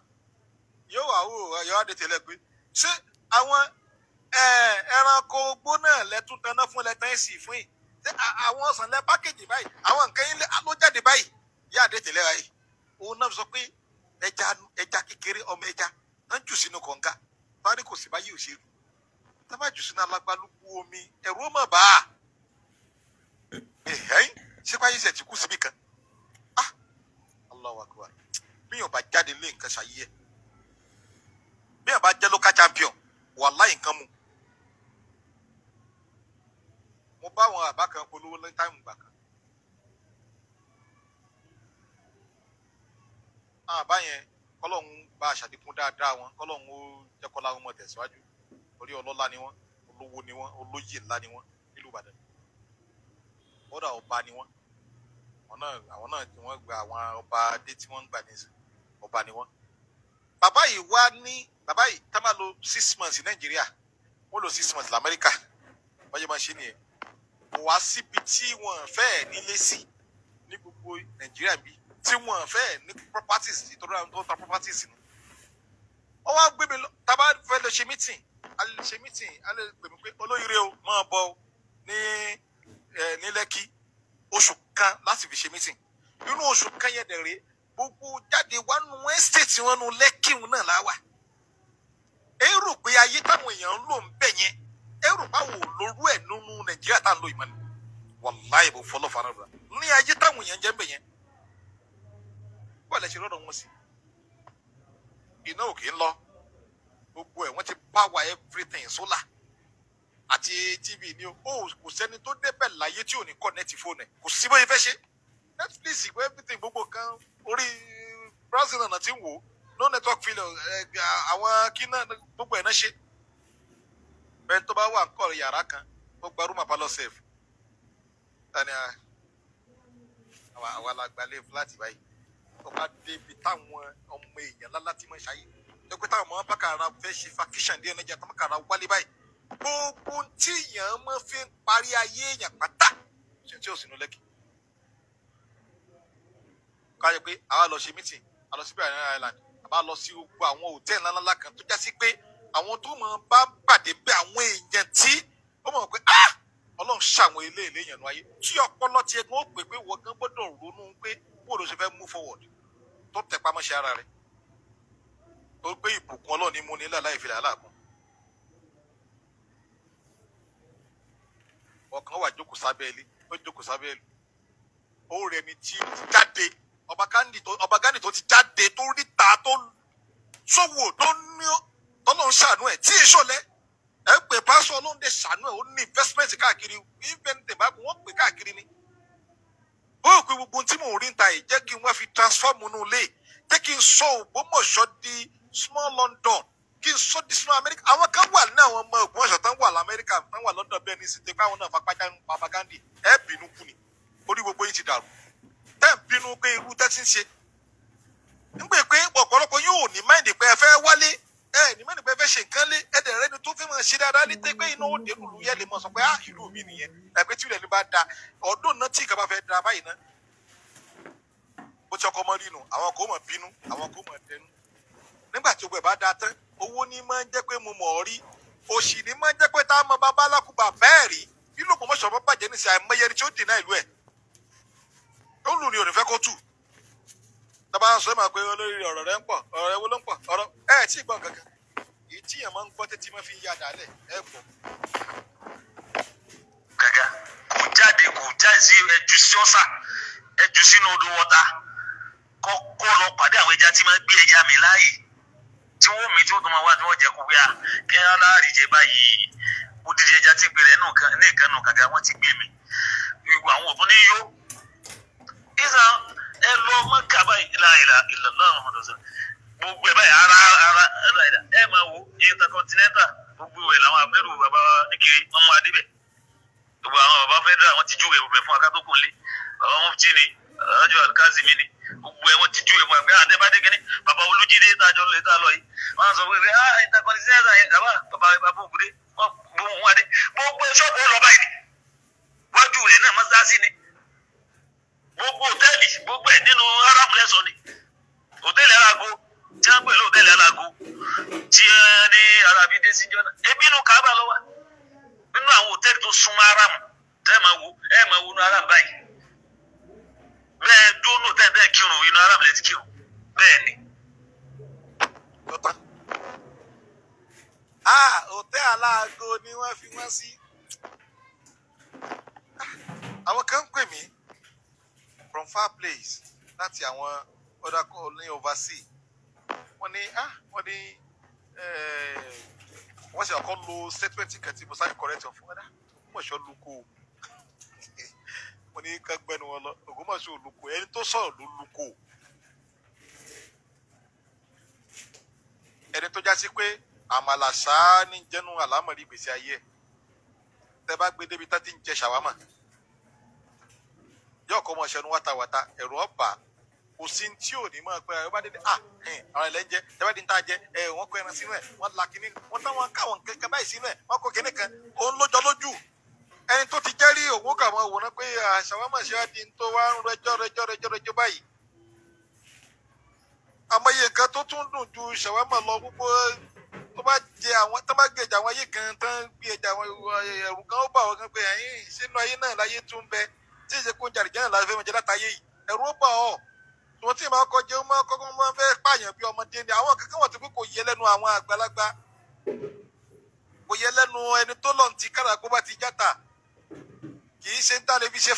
yóò wà wò ọ̀yọ́ àdètè lẹ pé ṣé àwọn ẹranko ogbó náà lẹ́tún dáná fún lẹ́tàn ẹ̀sì fún yìí ṣé àwọn ọ̀sán lẹ́ pákéjì báyìí àwọn nǹkan yín ló jáde báyìí yóò àdètè lẹ́ra yìí òun náà sọ pé ẹja kékeré ọmọ ẹja náà jù sínú kọ̀ǹga bárí kò sí báyìí ò ṣe rú tábà jù sínú alágbálúgbú omi ẹ̀rú ọmọ bá a ẹ̀hẹ́n ṣé báyìí ṣe ti kú síbi kan ah Allahu Akbar bíyàn bá jáde lé nǹkan ṣayé ẹ̀ bíyàn bá jẹ́ local champion wàláhì nǹkan mu mo bá àwọn àbá kan polówó ní táìmù gbà kan àwọn àbá yẹn kọ́lọ́hún bá aṣàdínkù dáadáa wọn kọ́lọ́hún ó jẹ́ kọ́lá wọn tẹ̀síwájú orí ọlọ́lá ni wọ́n olówó ni wọ́n olóyè ńlá ni wọ́n nílùú Ìbàdàn kódà ọba ni wọ́n àwọn náà tí wọ́n gba àwọn ọba adé tí wọ́n gbà nísìn ọba ni wọ́n. bàbá yìí wá ní bàbá yìí tá máa lo six months Nàìjíríà wọ́n lo six months l'Amẹ́ríkà wọ́n yẹ máa ṣe nìyẹn kò wá síbi tí wọ́n fẹ́ nílé sí ní gbogbo Nàìjíríà bí tí wọ́n fẹ́ ní properties ìtọ́jú àwọn tó ta properties ni ó wá gbé mi lọ tàbá fẹ́ lọ ṣe mítìn a lè ṣe mítìn a lè pè mí pé olóyèrè o máa bọ̀ ní ní lẹ́kì oṣù kan láti fi ṣe mítìn nínú oṣù kan yẹn dẹ̀rẹ̀ gbogbo jáde wá nu ẹ́stéètì wọn nu lẹ́kì náà láwà èrò pé ayé táwọn èèyàn ń lò ń bẹ̀ yẹn èrò báwo lórú ẹ̀ nínú nàìjíríà tá à ń lo ni wàláì bò ní ayé táwọn èèyàn jẹ́ ń bẹ̀ yẹn wọ́n ṣe lọ́dọ̀ wọn sí i iná ò kì í lọ gbogbo ẹ̀ wọ́n ti power everything solar àti tv ni o kò sẹ́ni tó débẹ̀ láyé tí ò ní connect fóònù ẹ̀ kò sí bóyá fẹ́ ṣe netflix gbé everything gbogbo kan orí brazil náà ti ń wò no network failure eh, àwọn kíná gbogbo ẹ̀ náà ṣe bẹ́ẹ̀ tó bá wà ń kọ́ yàrá kan ó gba rúmà pálọ̀ sef tani àwa la gbalẹ̀ fúláàtì báyìí tó bá dé ibi táwọn ọmọ èèyàn lálá tí wọ́n ṣayé lẹ́kọ̀ọ́ táwọn ọmọ bákàrà fẹ́ ṣe fakíṣàn dé ẹnẹ́jà táwọn bákàrà wálé báyìí gbogbo tí èèyàn mọ́ fi ń parí ayé èèyàn pátá ṣe tí ò sínú lẹ́kì. ká yẹ pé àwa lọ ṣe mítìn a lọ sí Barrier Island àbá lọ sí gbogbo àwọn hòtẹ́ẹ̀lì ńláńlá kan tó já sí pé àwọn tó mọ̀ bá pàdé bẹ́ àwọn èèyàn tí ó mọ̀ pé ah ọlọ́run ṣàwọn ilé ìléyàn ló ayé tí ọpọlọ tiẹ̀ gan ó pè pé wọ́n gan gbọ́dọ̀ ronú pé bóòlù ṣe fẹ́ move forward tó tẹ̀ pamọ́ ṣe ara rẹ̀ tó gbé ìbùkún ọlọ́ọ̀ni mú nílẹ̀ láì fi làálàá kún ọ̀kan wà jókòó sábẹ́ ilé ó jókòó sábẹ́ ilé ó rẹ̀ ni tí jáde ọba kandi tó ọba kandi tó ti jáde tó ríta tó sówò tó ní tọ́lọ́run ṣàánú ẹ̀ tí ìṣọ̀lẹ̀ ẹ̀ pè pásọ̀ ọlọ́run dẹ̀ ṣàánú ẹ̀ ó ní investment káàkiri investment báàgùn wọ́n pè káàkiri ni wọn ò pé gbogbo tí mò ń rí ń ta yìí jẹ́ kí n wá fi transform nù lé jẹ́ kí n sọ Ògbómọ̀ṣọ́ di small London kí n sọ di small America àwọn kan wà ní àwọn ọmọ Ògbómọ̀ṣọ́ tán wà lamẹ́ríkà tán wà London bẹ́ẹ̀ ní síte pé àwọn náà fapájá ń papagandi ẹ̀ bínú kù ni orí gbogbo yìí ti dàrú tẹ́ ń bínú pé irú tẹ́tí ń ṣe ń pè pé ọ̀pọ̀lọpọ̀ yóò ní máìndì pé ẹ fẹ́ wálé ẹ ní mẹ́rin pé fẹ́ ṣe nǹkan lé ẹ̀dẹ̀ rẹ ni tó fi máa ṣe dáadáa ní tẹ́ pé iná ó dé lùlù yẹ lè mọ sọ pé á ah, ìlú mi nìyẹn ẹ̀pẹ́ tí ilẹ̀ ní bá da ọdún náà tí ìkàbá fẹ́ da báyìí náà bó ti ọkọ mọ rí nu àwọn kò mọ bínú àwọn kò mọ dẹnu nígbà tí gbogbo ẹ̀ bá da tán owó ní máa ń jẹ́ pé mo mọ̀ ọ́ rí òṣì ní máa ń jẹ́ pé tá a mọ bàbá alákùbà bẹ́ẹ̀ rí bí lòpọ̀ mọ́ṣọ́ bá bàjẹ́ nísìnyí àìmọye ẹni tí ó dènà ìlú ẹ̀ ó lù ní òní fẹ́ kó tù tọ́ba sọ ma pé olórí ọ̀rọ̀ rẹ ń pọ̀ ọ̀rọ̀ rẹ wo ló ń pọ̀ ọ̀rọ̀ ẹ̀ tí ì gbọ́ kankan èyí tí èèyàn máa ń gbọ́ tètè máa fi ń ya dàálẹ̀ ẹ̀ pọ̀. gàgà kò jáde kò jáde sí ẹjù sí ọ̀sà ẹjù sínú odò wọta kọ́kọ́ lọ pàdé àwọn ẹja tí máa gbé ẹja mi láàyè tí wọ́n mi tí wọ́n tó máa wá tí wọ́n jẹ kó wíyà kẹ́ ẹ́ láàrin jẹ báyìí odidi ẹja tí gbé rẹ̀ ní ìkànnù gàgà wọ́n ti gbé mi ìwà àwọn òbí ní yó ẹ lọ mọ́kà báyìí láìla ìlànà àwọn ọ̀dọ́ sọ̀rọ̀ gbogbo ẹ̀ báyìí ara ara láìla ẹ máa wo intercontinental gbogbo ẹ̀ làwọn abẹ́rù bàbá nìkiri wọn mú adébẹ̀ gbogbo àwọn bàbá federal wọn ti júwèé gbogbo ẹ̀ fún akátókùn lé bàbá mufti ni alájọ alikazimi ni gbogbo ẹ̀ wọn ti júwèé fún àgbẹ̀ àdébádé kínní bàbá olújídé tájọ lè tá lọ yìí wọn sọ pé ah intercontinental yẹn gbogbo hòtẹ́ẹ̀lì gbogbo ẹ̀ nínú haram lẹ́sọ̀ ni hòtẹ́ẹ̀lì arago tí wọ́n ń pè ní hòtẹ́ẹ̀lì arago tí wọ́n ní arabi dé síjọ́ náà ebi inú kaaba lọ́wọ́ nínú àwọn hòtẹ́ẹ̀lì tó súnmọ́ haram tẹ́ máa wo ẹ̀ máa wo inú haram báyìí bẹ́ẹ̀ dúró tẹ́ bẹ́ẹ̀ kírun inú haram lẹ́ti kírun bẹ́ẹ̀ ni. Ah, hòtẹ́ aláago ni wọ́n fi wọ́n sí ah, àwọn kan ń pè mí from far place láti àwọn other ní overseas wọ́n ní ah wọ́n ní eh, wọ́n ṣe àkọ́ lo statement kan mo sáré correct ọ̀ fún ọ́dà ah, Ògbómọ̀ṣọ́ lóko wọ́n ní ká gbẹ́nu wọn lọ Ògbómọ̀ṣọ́ lóko ẹni tó sọ̀rọ̀ ló lóko ẹni tó já pé àmàlà ṣáá ní jẹ́nu àlámọ̀rí ìgbésí ayé ẹ̀ tẹ́ bá gbé débi tá ti ń jẹ ṣàwámà yóò kọ́ ọmọ ṣẹnu wátawàta ẹ̀rù ọba kò sí tí ò ní máa pẹ́ ẹ bá dédé ah àwọn ẹ̀lẹ́ ń jẹ ẹ bá dín tá a jẹ ẹ wọ́n kọ ẹran sínú ẹ̀ wọ́n la kínní wọ́n táwọn káwọn kẹ̀kẹ́ báyìí sínú ẹ̀ wọ́n kọ kínní kan òun lójọ lójú ẹni tó ti jẹ́rí òun kà máa wò ná pé àṣàwámọ̀ṣẹ́ adi tó wá ń rẹjọ́ rẹjọ́ rẹjọ́ rẹjọ́ báyìí àmọye nǹkan tó tún dùn ju ṣàwámọ̀ lọ púpọ̀ tó bá jẹ àwọn tó bá gbèjà àwọn ayé kan tán gbèjà àwọn ẹ̀rù kan ó bà wọ́n kan pé ẹ̀yìn sínú ayé náà láyé tún bẹ́ẹ̀ tí ìṣe kó ń jàre jẹ́nà láti fẹ́ mi jẹ́ látàyè yìí ẹ̀rú ó bà ọ́ tòun tí ìmọ̀ ọkọ̀ jẹun máa kọ́kọ́ máa fẹ́ pààyàn bí ọmọdé ni àwọn kankan wà tó fi kò yẹ lẹ́nu àwọn àgbàlagbà kò yẹ lẹ́nu ẹni tó lọ́n ti kára kó bá ti játa kì í ṣe ń tá lè fi ṣe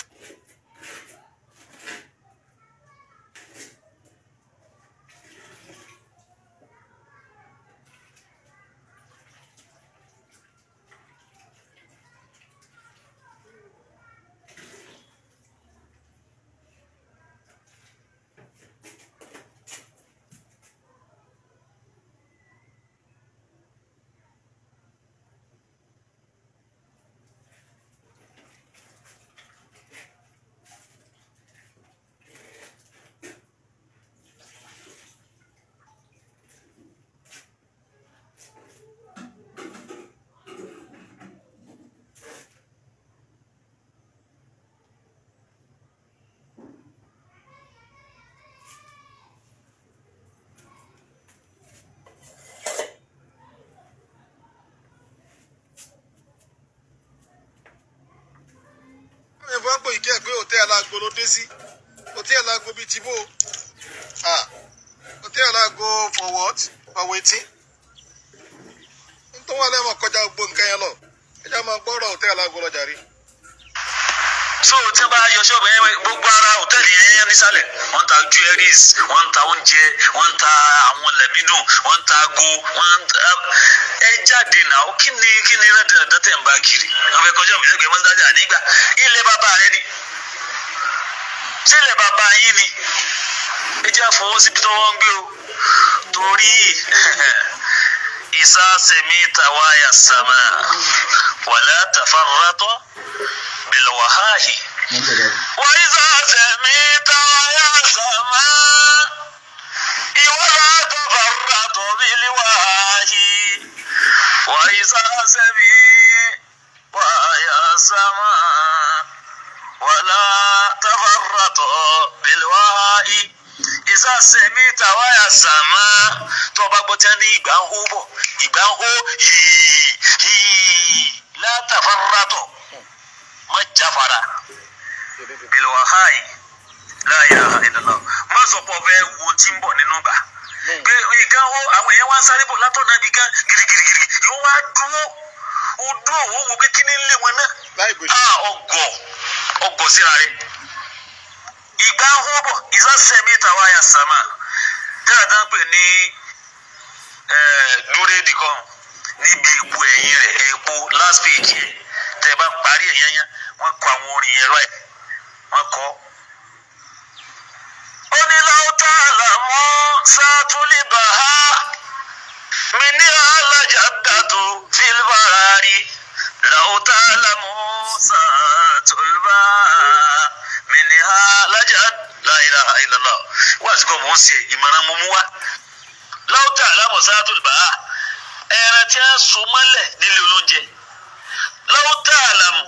pé hotel àgbo ló dé sí hòtẹ́ẹ̀lì àgbo bíi ah hotel àgbo for what for wetin tó wà lẹ́mọ̀ kọjá gbogbo nǹkan yẹn lọ ẹjá máa gbọ́rọ̀ lọ jàre. so tí bá gbogbo ara hòtẹ́ẹ̀lì yẹn nísàlẹ̀ wọ́n ta jewelries wọ́n ta oúnjẹ wọ́n ta àwọn lẹ́mídùn ta ago ta jáde sílẹ̀ bàbá yín ni ẹ jẹ́ àfọwọ́ síbi tó wọ́n ń gbé o torí ìsásẹ̀mí tàwáyà sàmà wàlá tàfàràtọ̀ bìlọ̀wàháhì wọ́n ìsásẹ̀mí tàwáyà sàmà ìwọ́lá tàfàràtọ̀ bìlọ̀wàháhì. ìgbà ń hó bọ̀ ìgbà ń hó yìí yìí látàfàràtọ̀ má jáfara bilwahayi la ilaha illallah má sọ pé ọbẹ̀ wo ti ń bọ̀ nínú gbà pé ìgbà ń hó àwọn èèyàn wá ń sáré bọ̀ látọ̀nà ibi kan girigirigiri yóò wá dúró ó dúró òun wò pé kí ni ń lé wọn náà ọgọ ọgọ síra rẹ ìgbà ń hó bọ̀ ìsásẹ́mi tàwa yà sàmà tẹ́lẹ̀ pè ní. Eh, dúrédì kan níbi epo ẹ̀yìn rẹ̀ epo last page yẹn tẹ́ ẹ bá parí ẹ̀ yányá wọ́n kọ àwọn orin yẹn ráì wọ́n kọ́. ó ní láwùtá àlàmọ́ sátúlì bàá mi ní alájà dàdú fílbàárì láwùtá àlàmọ́ sátúlbà mi ní alájà láìláha ìlàlá wọ́n àti kọ́ mọ̀ ń ṣe ìmọ̀ràn mọ̀mú wa láwùjọ alámọ̀sáàtò ìbá ẹran tí a so mọ́lẹ̀ nílé olóúnjẹ láwùjọ alámọ̀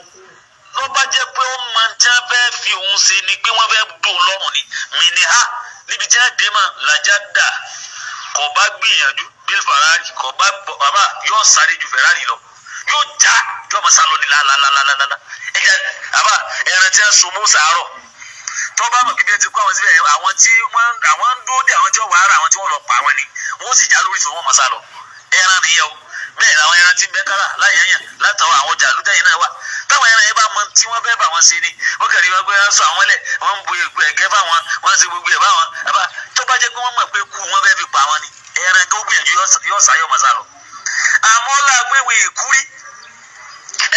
ló bá jẹ́ pé ó máa ń tẹ́ fẹ́ fi òun ṣe ni pé wọ́n fẹ́ dùn lọ́rùn ni mìíní ha níbi tí a dé mà làjà dà kò bá gbìyànjú bíi Ferrari kò bá bàbá yóò sáré ju Ferrari lọ yóò já yóò máa sá lọ ní lálálálálá ẹ̀jẹ̀ àbá ẹran tí a so mọ́ sàárọ̀ tó bá mọ̀ kíbi ẹ ti kó àwọn síbẹ̀ àwọn tí àwọn ń dúró dé àwọn tí wọ́n wà á rà àwọn tí wọ́n lọ pa àwọn ni wọ́n sì já lórí ìṣòwò wọn sá lọ ẹran nìyẹn o bẹ́ẹ̀ làwọn ẹran ti bẹ́ kára láyẹ̀yẹ̀ látàwọn àwọn ọjà àlùdẹ́yìn náà wà táwọn ẹran yẹn bá mọ tí wọ́n bẹ́ẹ̀ bá wọn sí ni ó kẹ̀lé wọ́n sọ àwọn lẹ̀ wọ́n bu ègbè ẹ̀gẹ́ bá wọn wọ́n ń gbogbo ẹ̀ bá wọn àbá tó bá jẹ́ pé wọ́n mọ̀ pé kú wọn bẹ́ẹ̀ fi pa wọn ni ẹran tó gbìyànjú yọ sáyọ̀ mọ̀ sálọ. àmọ́ lágbèwé ìkúrí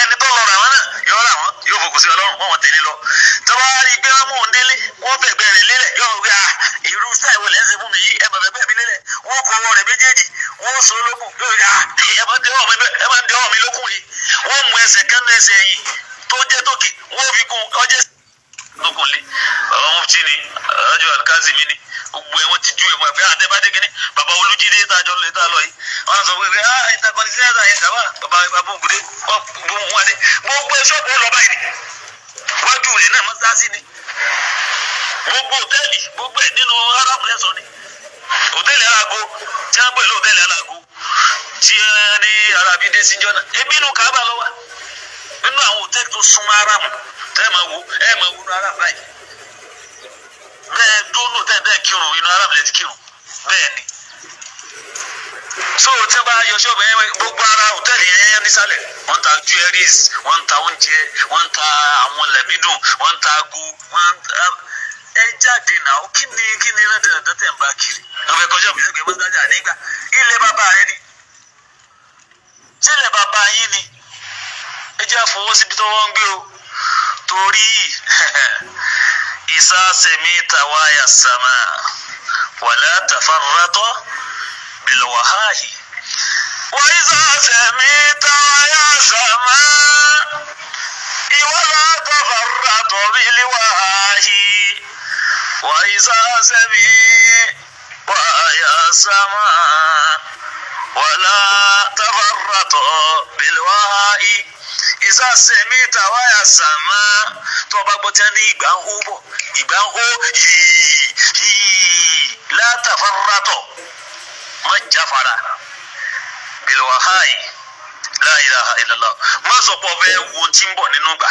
ẹni tó lọ rà wọn náà yọ kọ́kọ́ fẹ̀gbẹ́ rẹ̀ lélẹ̀ yóò rí a irú sáì wọlé ẹsẹ̀ fún mi yìí ẹ bàbá ẹgbẹ́ mi lélẹ̀ wọ́n kọ ọwọ́ rẹ̀ méjèèjì wọ́n so lókun yóò rí a ẹ máa ń dẹwọ́ mi lókun yìí wọ́n mú ẹsẹ̀ kánú ẹsẹ̀ yìí tó jẹ́ tókè wọ́n fi kún ọjẹ́ lókun lé bàbá mufti ni ọjọ́ alikazi mi ni gbogbo ẹ wọ́n ti ju ẹ̀mọ́ ẹ̀fẹ́ àtẹ́bàdé kínní bàbá olùjídé tájọ lè tá lọ yìí wọ́n sọ pé ah intercontinental yẹn kàwá bàbá bàbá ògùdé gbogbo ẹ̀ ṣọ́ọ̀bù ọlọ́ba yìí ni wájú rẹ̀ náà mọ́sáàsì ni gbogbo hòtẹ́ẹ̀lì gbogbo ẹ̀ nínú arab lẹ́sọ̀ ni hòtẹ́ẹ̀lì alago tí wọ́n pẹ̀lú hòtẹ́ẹ̀lì alago tí wọ́n ní arabi desi sí jọ́nà ebi inú kaaba lọ wa nínú àwọn hòtẹ́ẹ̀lì tó súnmọ́ arab tẹ́ ẹ̀ máa wo ẹ̀ máa wo inú arab báyìí bẹ́ẹ̀ dúró tẹ́ bẹ́ẹ̀ kírun inú arab lẹ́ ti kírun bẹ́ẹ̀ ni so tí wọ́n bá yọ ṣọ́ọ̀bù gbogbo ara hòtẹ́ẹ̀lì yẹn nísàlẹ̀ wọ́n ta jewelries wọ́n ta oúnjẹ wọ́n ta àwọn lẹ́mídùn wọ́n ta ago wọ́n ta ẹ jáde náà ó kí ni kí ni rẹ́dẹ̀ rẹ́dẹ̀ tẹ̀ ń bá kiri àwọn ẹ̀kọ́ ṣọ́ọ̀bù ṣe pé mọ́sájà nígbà ilé bàbá rẹ ni sílẹ̀ bàbá yín ni ẹ jẹ́ àfọwọ́ síbi tó wọ́n ń gbé o torí ìsásẹ̀mí tàwáyà sàmà wàlá tàfàràtọ̀ bìlọ̀wàháhì wọ́n ìsásẹ̀mí tàwáyà sàmà ìwọ́lá tàfàràtọ̀ bìlọ̀wàháhì. وإذا سبي ويا سماء ولا تغرط بالوهاء ìsá sẹ̀mí tàwa àsàmá tó bá gbọ́ tẹ́ ní ìgbà ń hó bọ̀ ìgbà ń hó yìí yìí látàfàràtọ̀ má jáfara bilwahayi la ilaha illallah má sọ pé ọbẹ̀ wo ti ń bọ̀ nínú gbà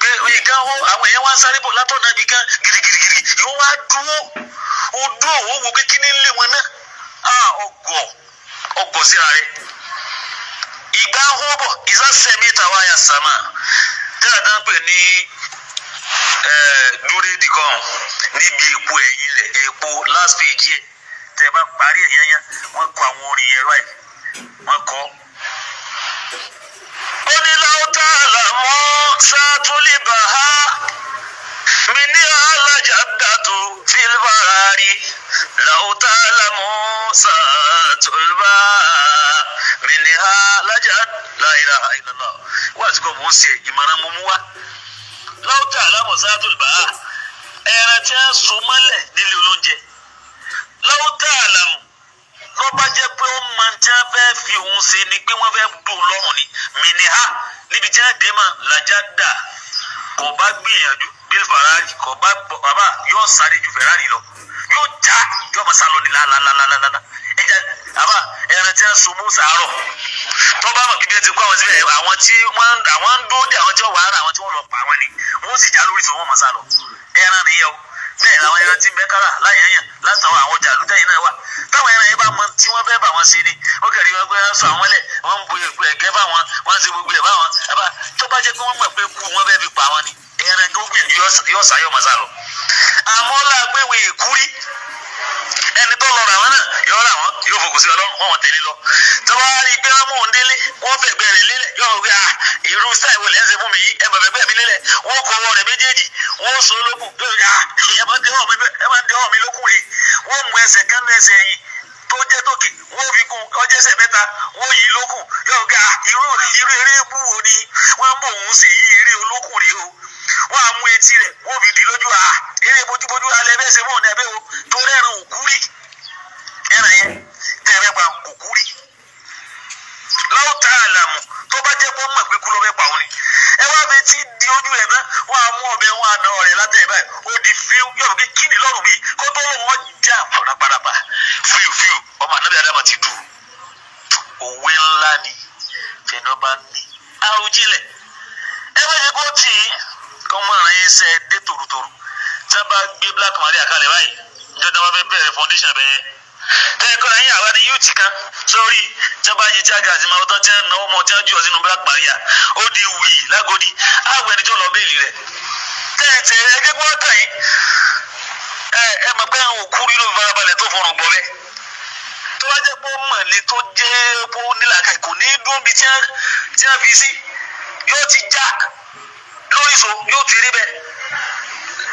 pé ìgbà wo àwọn èèyàn wá ń sáré bò látọ̀nà ibì kan girigirigiri ìwọ wá dúró o dúró òwò wo pé kí ni ń lé wọn náà ọgọ ọgọ síra rẹ ìgbà wo bọ̀ ìsásẹ́mi tàwa yà sàmà dáadáa ń pè ní dúrédì kan níbi epo ẹ̀yìn rẹ̀ epo last page yẹ tẹ bá parí ẹ̀ yányá wọ́n kọ àwọn orin yẹn right wọ́n kọ́ ó ní تعلموا ستلبها مني على جدة في البرار لو تعلموا ستلبى منها لجد لا إله إلا الله وأتكم موسى إمانا مموا لو تعلموا ستلبى ẹran tí a sùn mọ́lẹ̀ nílé olóúnjẹ lọ́wọ́ tá a là mú lọ́ba jẹ́ pé ó máa ń tí a fẹ́ fi òun ṣe ni pé wọ́n fẹ́ dùn lọ́rùn ni mìíràn níbi tí àdé mà làjà dà kò bá gbìyànjú bíi Ferrari kò bá bàbá yóò sáré ju Ferrari lọ yóò já yóò máa sá lọ ní lálálálálá ẹja àbá ẹran tí wọn so mú sàárọ tó bá mọ kíbi ẹ ti kó àwọn síbẹ̀ àwọn tí wọn àwọn ń dúró dé àwọn tí wọn wà á rà àwọn tí wọn lọ pa wọn ni wọn sì já lórí tí wọn máa sá lọ ẹran nìyẹn o bẹ́ẹ̀ làwọn ẹran ti mẹ́kárà láyẹ̀yàn látàwọn àwọn ọjà àlùtẹ́yìn náà wà táwọn ẹran yẹn bá mọ tí wọ́n fẹ́ bá wọn ṣe ni ó kẹ̀rí wọn pé wọ́n sọ àwọn lẹ̀ wọ́n ń bu ègbè ẹ̀gẹ́ bá wọn wọ́n ń ṣe gbogbo ẹ̀ bá wọn àbá tó bá jẹ́ pé wọ́n mọ̀ pé kú wọn fẹ́ fi pa wọn ni ẹran gbogbo yóò sàyọ̀ mọ̀ àmọ́ lágbèwé ìkúrí ẹni tó lọ rà náà yóò rà wọn yóò fòkùn sí ọlọ́run wọn wọn tẹ̀lé lọ tó bá rí pé wọn mú un délé wọn fẹ́ gbẹ rẹ̀ lélẹ̀ yóò gbé à ah, irú sáì wọlé ẹsẹ̀ fún mi yìí ẹ bàbá gbẹ̀mí lélẹ̀ wọn kọ ọwọ́ méjèèjì wọn so lókun yóò gbé à ah, ẹ máa ń dẹ́wọ̀ mi lókun yìí wọn mú ẹsẹ̀ kán ẹsẹ̀ yìí tó jẹ́ tókè wọ́n fi kún ọjẹ́sẹ̀ mẹ́ta wọ́n yí lókun yóò gbé ah, irú eré bú wo ni wọ́n mọ̀ òun sì yí eré olókùn rèé o wọ́n á mú etí rẹ̀ wọ́n fi dì lójú à ah, eré bójúbójú alẹ́ bẹ́ẹ̀ ṣe mọ̀ ní abẹ́ o tó rẹ́rìn òkú rí ẹ̀ràn yẹn tẹ̀rẹ̀ pa òkú rí láwọ̀ tá a là mọ̀ tó bá jẹ́ pé ó mọ̀ pé kú lọ́bẹ̀ pa òun ni ẹ wá bẹ tí di ojú ẹ̀ náà wọ́n á mú ọbẹ̀ wọn àná ọ̀rẹ́ látẹ̀ báyìí ó di fíw yóò fi kí ni lọ́rùn mi kó tó lọ́rùn wọn já parapara fíw fíw ọmọ anábì adama ti dùn òwe ńlá ni fẹ̀nọ́ bá ní àròjinlẹ̀ tí wọ́n bá gbé Black Maria kalẹ̀ báyìí jọdọ̀ wọn fẹ́ bẹ̀rẹ̀ foundation bẹ́ẹ̀ tẹ́kọ̀ọ́ yín àwa ni yúùtì kan sórí tí wọ́n tí a gàdí máa tán tí náwó mọ́ tí wọ́n jù ọ sínú Black Maria ó di wíì lágodi àwọ̀ ẹni tó lọ béèlì rẹ̀ tẹ́ẹ̀tẹ́ ẹgbẹ́ pọ́ tàn yín ẹ mọ̀ pé àwọn òkú rí ló farabalẹ̀ tó fọrùn gbọ́ bẹ́ẹ̀ tó bá jẹ́ pé ó mọ̀ ní tó jẹ́ pé ó nílà kà kò ní dúró bí tí wọ́n fi sí yóò ti já lóríṣo yóò ti rí bẹ́ẹ̀.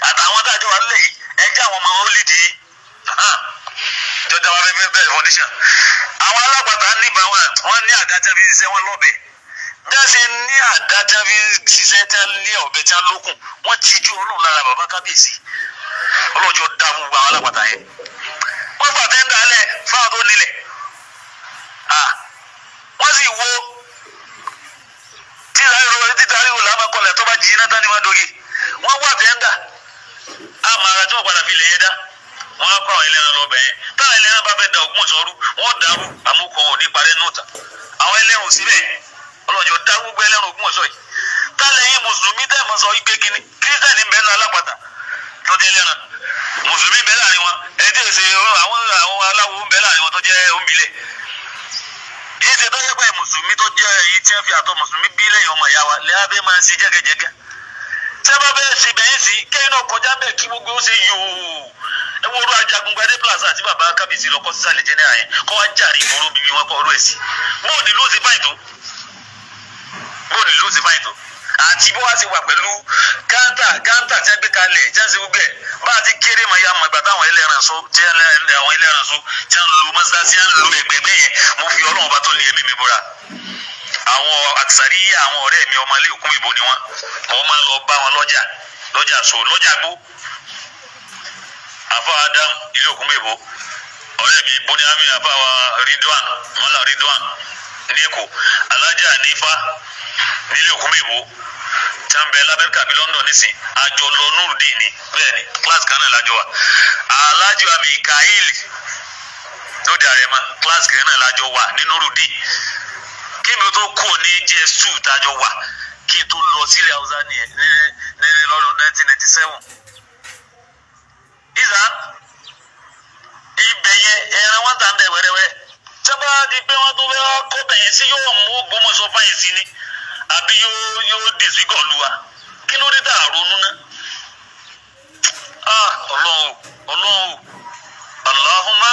àtàwọn tá a jọ wà lè yìí ẹ jẹ́ àwọn ọmọ wọn lídìí jọjọ wa fẹ́ bẹ̀rẹ̀ foundation àwọn alágbàtà níbà wọn wọn ní àdájá fi ṣiṣẹ́ wọn lọ́bẹ̀ bẹ́ẹ̀ ní àdájá fi ṣiṣẹ́ tí wọ́n ní ọ̀bẹ tí wọ́n lókun wọ́n ti ju ọlọ́run lára bàbá kábíyèsí ọlọ́jọ́ dá gbogbo àwọn alágbàtà yẹn wọ́n gbà tẹ́ńdà alẹ́ fáwọn tó nílẹ̀ wọ́n sì wo títa ríro títa ríro làwọn akọlẹ̀ tó bá jí iná tán ni wọ́n dogi wọ́n wà tẹ́ńdà a máa ra tí wọ́n padà fi ilẹ̀ yẹn dá wọ́n á kọ́ àwọn ẹlẹ́ran lọ bẹ̀yẹn táwọn ẹlẹ́ran bá fẹ́ da ògùn sọ́rú wọ́n dàrú àmúkọ òní parẹ́ nùtà àwọn ẹlẹ́ran ò sí bẹ́ẹ̀ ọlọ́jọ́ dá gbogbo ẹlẹ́ran ògùn ọ̀ṣọ́ yìí tálẹ̀ yín mùsùlùmí tẹ̀ mọ́ sọ igbe kínní kírísítẹ̀nì bẹ́ẹ̀ náà alápàtà tó jẹ́ ẹlẹ́ran mùsùlùmí bẹ́ẹ̀ láàrin wọn ẹni tí èsè àwọn àwọn aláwo ń bẹ́ẹ̀ láàrin wọn tó jẹ́ òǹbílẹ̀ èsè tó yẹ pé mùsùlùmí tó jẹ́ èyí tí wọ́n fi àtọ mùsùlùmí bí lẹ́yìn ọmọ ìyá wa lẹ́yìn abẹ́ máa ń ṣe jẹ́gẹ́jẹ́gẹ́ sẹ́fà bẹ́ẹ̀ ṣe sí kẹ́hìn náà kọjá bẹ́ẹ̀ kí gbogbo ó ṣe yòó ẹ wo orú Ajagungbadé Plaza àti bàbá kábíyèsí lọkọ sísàlẹ̀ jẹ́ náà yẹn kọ́ wá jàre ìmọ̀ró bíbí wọn kọ́ ọ̀rọ̀ ẹ̀ sí bóò ní lóòsì báyìí tó bóò ní lóòsì báyìí tó àti bó wá ti wà pẹ̀lú gáńtà gáńtà tí wọ́n gbé kalẹ̀ tí wọ́n ti gbé bá a ti kéré mọ̀ ya mọ̀ ìgbà táwọn ẹlẹ́ran so tí àwọn ẹlẹ́ran so tí wọ́n lu mọ́sálásí wọ́n lu ẹgbẹ̀gbẹ̀ yẹn mo fi Ọlọ́run bá tó lé ẹ̀mí mi búra àwọn àtisàríyà àwọn ọ̀rẹ́ mi ọmọ ilé òkun ìbò ni wọn mo máa ń lọ bá wọn lọ́jà lọ́jà so lọ́jà gbó àfọ adam ilé òkun ìbò ọ̀rẹ́ mi bóníhámi àfàwà ridwan mọ́là ridwan ní èkó alájà nífa nílé òkun ìbò tẹ́ǹbẹ̀ lábẹ́ríkà bíi london nísìn àjọ lọ nurudin ni bẹ́ẹ̀ ni class kan náà lájọ wa alájọ àmì kail lóde àrẹ̀mọ class kan náà lájọ wa ní nurudin kí mi tó kù ní js two tájọ wà kí n tó lọ sílẹ̀ haúsá nìyẹn lọ́dún nineteen ninety seven ìzà ibẹ̀ yẹn ẹran wọn tà ń bẹ̀ wẹ́rẹ́wẹ́ sábà di pé wọ́n tó fẹ́ kó bẹ̀yẹn sí yóò mú Ògbómọ̀ṣọ́ fáyìn sí ni àbí yóò yóò dìsígọ̀ lu wa kí ló dé tá a ronú ná ah, ọlọ́run ọlọ́run Allahumma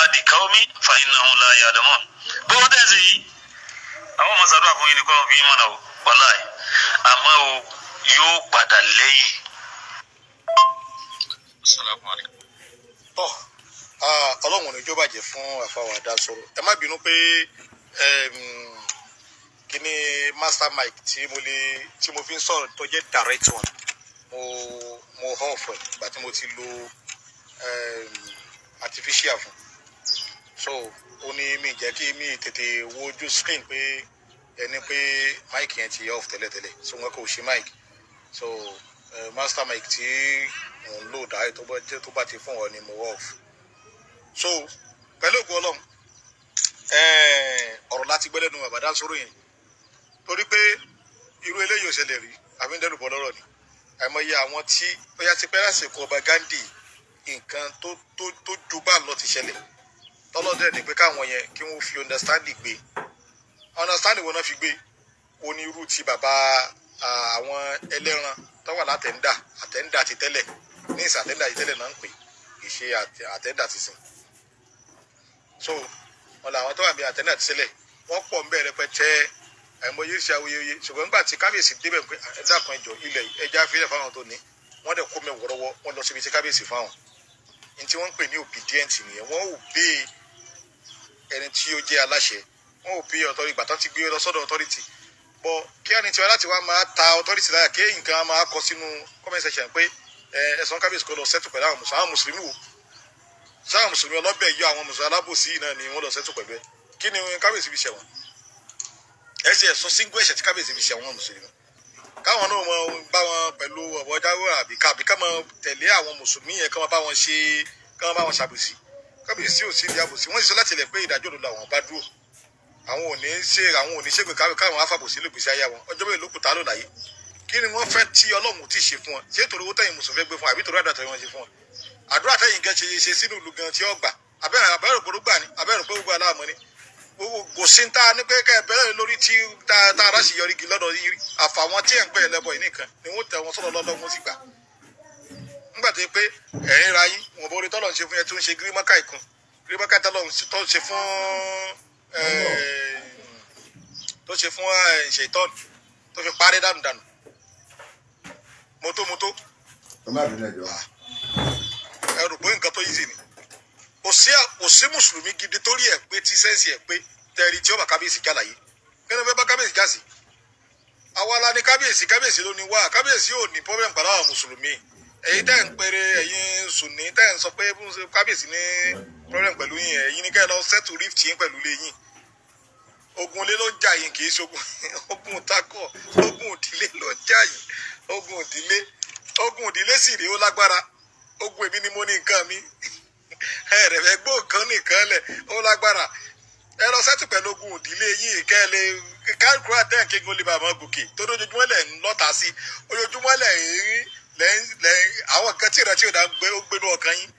adi kaumi fa innahum la ya'lamun gbogbo tẹ̀sí yìí àwọn ọmọ sàdúrà fún yín ni kọ́ fi yín mọ̀nà o wàláì àmọ́ o yóò padà lẹ́yìn. tọ́ ọlọ́run ò ní jó bàjẹ́ fún àfàwọ̀ àdásọ̀rọ̀ ẹ má bínú pé kíní master Mike, tí mo lè tí mo fi ń sọ̀rọ̀ tó jẹ́ direct one mo mo hàn fún ẹ̀ gbà tí mo ti lo artificial fún so ó ní mi jẹ́ kí mi tètè wojú screen pé ẹni pé mic yẹn ti off tẹ́lẹ̀tẹ́lẹ̀ so wọn kò ṣe mike so master mike tí mò ń lò dáì tó bá ti fún ọ ni mo off so pẹ̀lú ògùn ọlọ́run ọ̀rọ̀ láti gbẹ́ lẹ́nu bàbá Dansoro yẹn torí pé irú eléyìí ò ṣẹlẹ̀ rí àbí ń dẹ́nu bọ́ lọ́rọ̀ ni àìmọye àwọn tí ó yá ti pẹ́ lásìkò ọba Gandhi nǹkan tó ju bá lọ ti ṣẹlẹ̀ tọ́lọ́dẹ̀ ni pé káwọn yẹn kí wọ́n fi understanding gbé understanding wọn náà fi gbé onírú ti bàbá àwọn ẹlẹ́ran tó wà látẹ̀ńdà àtẹ̀ńdà ti tẹ́lẹ̀ ní ìsà àtẹ̀ńdà ti tẹ́lẹ̀ náà ń pè kì í ṣe àtẹ̀ńdà ti sìn so wọn làwọn tó wà bí àtẹ̀ńdà ti tẹ́lẹ̀ wọ́n pọ̀ ń bẹ̀rẹ̀ pẹ́tẹ́ àìmọye ṣe awuyewuye ṣùgbọ́n nígbà tí kábíyèsí débẹ̀ pé ẹ̀dá kan ìjọ ilẹ̀ ẹja fílẹ̀ fáwọn tó ní wọ́n dẹ̀ kó mi wọ̀rọ̀wọ́ wọ́n lọ síbi tí kábíyèsí fáwọn ní tí wọ́n ń pè ní obedient nìyẹn wọ́n ò bẹ́ẹ̀ ẹni tí ó jẹ́ aláṣẹ wọn ò bí ọ̀tọ́rì ìgbà tán ti gbé lọ sọ́dọ̀ ọ̀tọ́rìtì bọ̀ kí á ní tiwa láti wá máa ta ọ̀tọ́rìtì láyà kí nǹkan máa kọ sínú comment section pé ẹ̀sán kábíyèsí kò lọ sẹ́tù pẹ̀lú àwọn mùsùlùmí àwọn mùsùlùmí wò sáwọn mùsùlùmí ọlọ́bẹ̀ yọ àwọn mùsùlùmí alábòsí náà ni wọ́n lọ sẹ́tù pẹ̀lú ẹ kí ni kábíyèsí fi ṣẹ̀wọ̀n ẹ ṣe ẹ̀sùn síngú ẹ̀ṣẹ̀ tí kábíyèsí fi ṣẹ̀wọ̀n mùsùlùmí káwọn náà mọ bá wọn pẹ̀lú ọ̀bọ̀ jáwé àbíká àbíká mọ tẹ̀lé àwọn mùsùlùmí yẹn kí wọ́n bá wọn ṣe kí wọ́n bá wọn ṣàbòsí kábíyèsí ò sí ibi àbòsí wọ́n sì sọ láti ilẹ̀ pé ìdájọ́ òdodo àwọn bá dúró àwọn ò ní ṣe àwọn ò ní ṣègbè káwọn afàbòsí ló gbèsè ayá wọn ọjọ́ mélòó kù tá ló láyé kí ni wọ́n fẹ́ tí ọlọ́run ti ṣe fún wọn ṣé torí owó tẹ̀yìn mùsùlùmí gbé fún àbí torí àdàtọ̀ wọn ṣe fún wọn àdúrà tẹ̀yìn gan ṣe ṣe sínú ìlú gan tí ó gbà abẹ́rẹ́ àbẹ́rẹ́ òpó gbà ní abẹ́rẹ́ òpó gbà láàmú ni gbogbo kò sí ta ní pé kẹ́ ẹ bẹ̀rẹ̀ lórí tí tá a ráṣì yọrí gi lọ́dọ̀ yìí àfàwọn tí ẹ̀ ń pẹ́ ẹlẹ́bọ̀ yìí nìkan ni wọ́n tẹ̀ nígbà tó yẹ pé ẹ̀rín ra yín wọn bọ orí tọ́lọ̀ ń ṣe fún yẹn tó ń ṣe gírímọ́kà ìkan gírímọ́kà tọ́lọ̀ tó ń ṣe fún tó ṣe fún ṣètọ́n tó fi parí dànù dànù mọ́tòmọ́tò. ẹ rò pé nǹkan tó yí sí ni kò sí kò sí mùsùlùmí gidi torí ẹ pé tí sẹ́ǹsì ẹ pé tẹ̀rí tí ó bá kábíyèsí jà láyé kí ló fẹ́ bá kábíyèsí jà sí àwa la ni kábíyèsí kábíyèsí ló ní wá kábíyèsí ò ní pọ́blẹ́mù pàdánù àwọn mùsùlùmí. èyí tẹ́ ń pèrè ẹ̀yin sùnì tẹ́ ń sọ pé kábíyèsí ní problem pẹ̀lú yìí ẹ̀yin ní lọ settle rift yín pẹ̀lú ilé ogun ilé ló jà ogun takọ ogun òdílé ló jà ogun òdílé ogun sì rèé ó lágbára ogun èmi ni mo ní nǹkan mi ẹrẹ gbó nǹkan nìkan ó lágbára ẹ ogun gòkè tó lójoojúmọ́ lẹ̀ ń lọ́ta lẹ́yìn lẹ́yìn àwọn nǹkan tí ìrántí òdà gbé ó gbénú ọkàn yín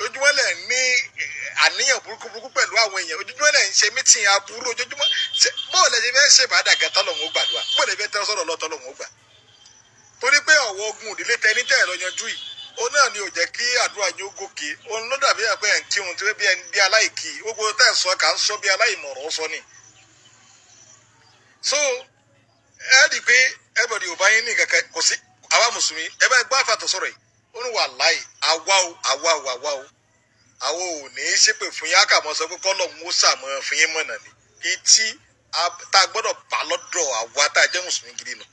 ojoojúmọ́ lẹ̀ ní eh, àníyàn burúkú burúkú pẹ̀lú àwọn èèyàn ojoojúmọ́ lẹ̀ ń ṣe mítìn aburú ojoojúmọ́ bóòlù ẹ̀jẹ̀ fẹ́ ṣe ìbàdàgà tọ́lọ̀hún ó gbàdúrà bóòlù ẹ̀jẹ̀ tẹ́ sọ̀rọ̀ lọ́tọ́lọ̀hún ó gbà torí pé ọ̀wọ́ ogun òdílé tẹni tẹ́ ẹ̀rọ yanjú yìí ó náà ni ò jẹ́ kí àdúrà yín ó gòkè òun ló dàbí ẹ̀pẹ́ ẹ̀ ń kírun tí bí aláìkì gbogbo tẹ́ ẹ̀ sọ kà ń sọ bí aláìmọ̀rọ̀ sọ ni. so ẹ rí i pé everybody ò àwa mùsùlùmí ẹ bá gbọ́ àfàtọ̀ sọ̀rọ̀ yìí ó ní wàláì àwa o àwa o àwa o àwa ò ní í ṣépè fún yín àkàmọ́ sọ pé kọ́lọ̀ ń wó sàmọ́ fún yín mọ̀nà ni kí tí tá a gbọ́dọ̀ bá lọ́dọ̀ àwa tá a jẹ́ mùsùlùmí gidi nù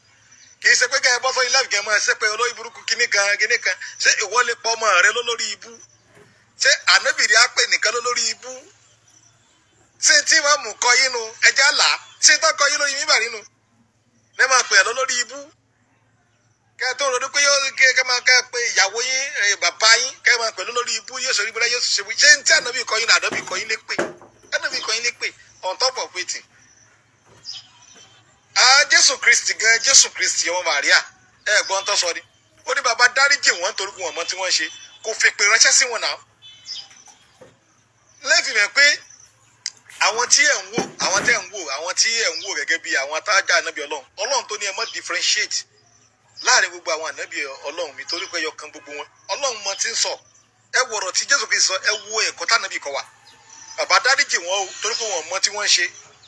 kì í ṣe pé kẹ́hìn bọ́sọ̀ ilé àbìkẹ́ máa ṣe pé olóyè burúkú kíní kan kíní kan ṣé ìwọ lè pọ́ ọmọ rẹ lólórí ibú ṣé ànábìrì á pè nìkan lólórí ibú ṣé tí wọ́n mú kọ yín nu ẹja là ṣé tó kọ yín lórí yín bàrí nu lẹ́ máa pè lólórí ibú kẹ tó ń ronú pé yóò kẹ kẹ máa kẹ pé ìyàwó yín bàbá yín kẹ máa pẹ̀lú lórí ibú yóò sọrí ibúra yóò ṣe ṣe ń tí ànábì kọyín náà ànábì kọyín lé pè ànábì kọyín lé pè on top of waiting. ah jésù kristi gan jésù kristi ọmọ màríà ẹ gbọ́n tó sọ ni ó ní bàbá dáríjì wọn torí wọn mọ tí wọ́n ṣe kò fi pè ránṣẹ́ sí wọn náà lẹ́fìmọ̀ pé àwọn tí ẹ̀ ń wò àwọn tẹ́ ń wò àwọn tí ẹ̀ ń wò gẹ́gẹ́ bí àwọn tá a já ànábì ọlọ́run ọlọ́run tó ní ẹ mọ́ differentiate láàrin gbogbo àwọn ànábì ọlọ́run mi torí pé ẹyọkan gbogbo wọn ọlọ́run mọ ti ń sọ ẹ wo tí jésù fi sọ ẹ wo ẹ̀kọ́ tànàbì kọ wa bàbá dáríjì wọn o torí pé wọn mọ tí wọ́n ń ṣe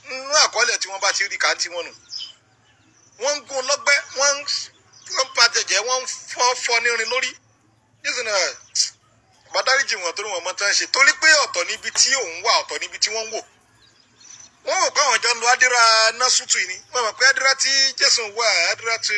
nínú àkọọ́lẹ̀ tí wọ́n bá ti rí kàńtì wọn nù wọ́n ń gún lọ́gbẹ́ wọ́n ń pàtẹ̀jẹ́ wọ́n ń fọ́ fọ́ nírin lórí jésù náà bàbá dáríjì wọn torí wọn mọ tí wọ́n ń ṣe torí pé ọ̀tọ̀ níbi tí òun wà ọ̀tọ̀ níbi tí wọ́n wò wọ́n rò pé àwọn jọ ń lo àdúrà násùtù yìí ni wọ́n mọ̀ pé àdúrà tí jésù wà àdúrà tí.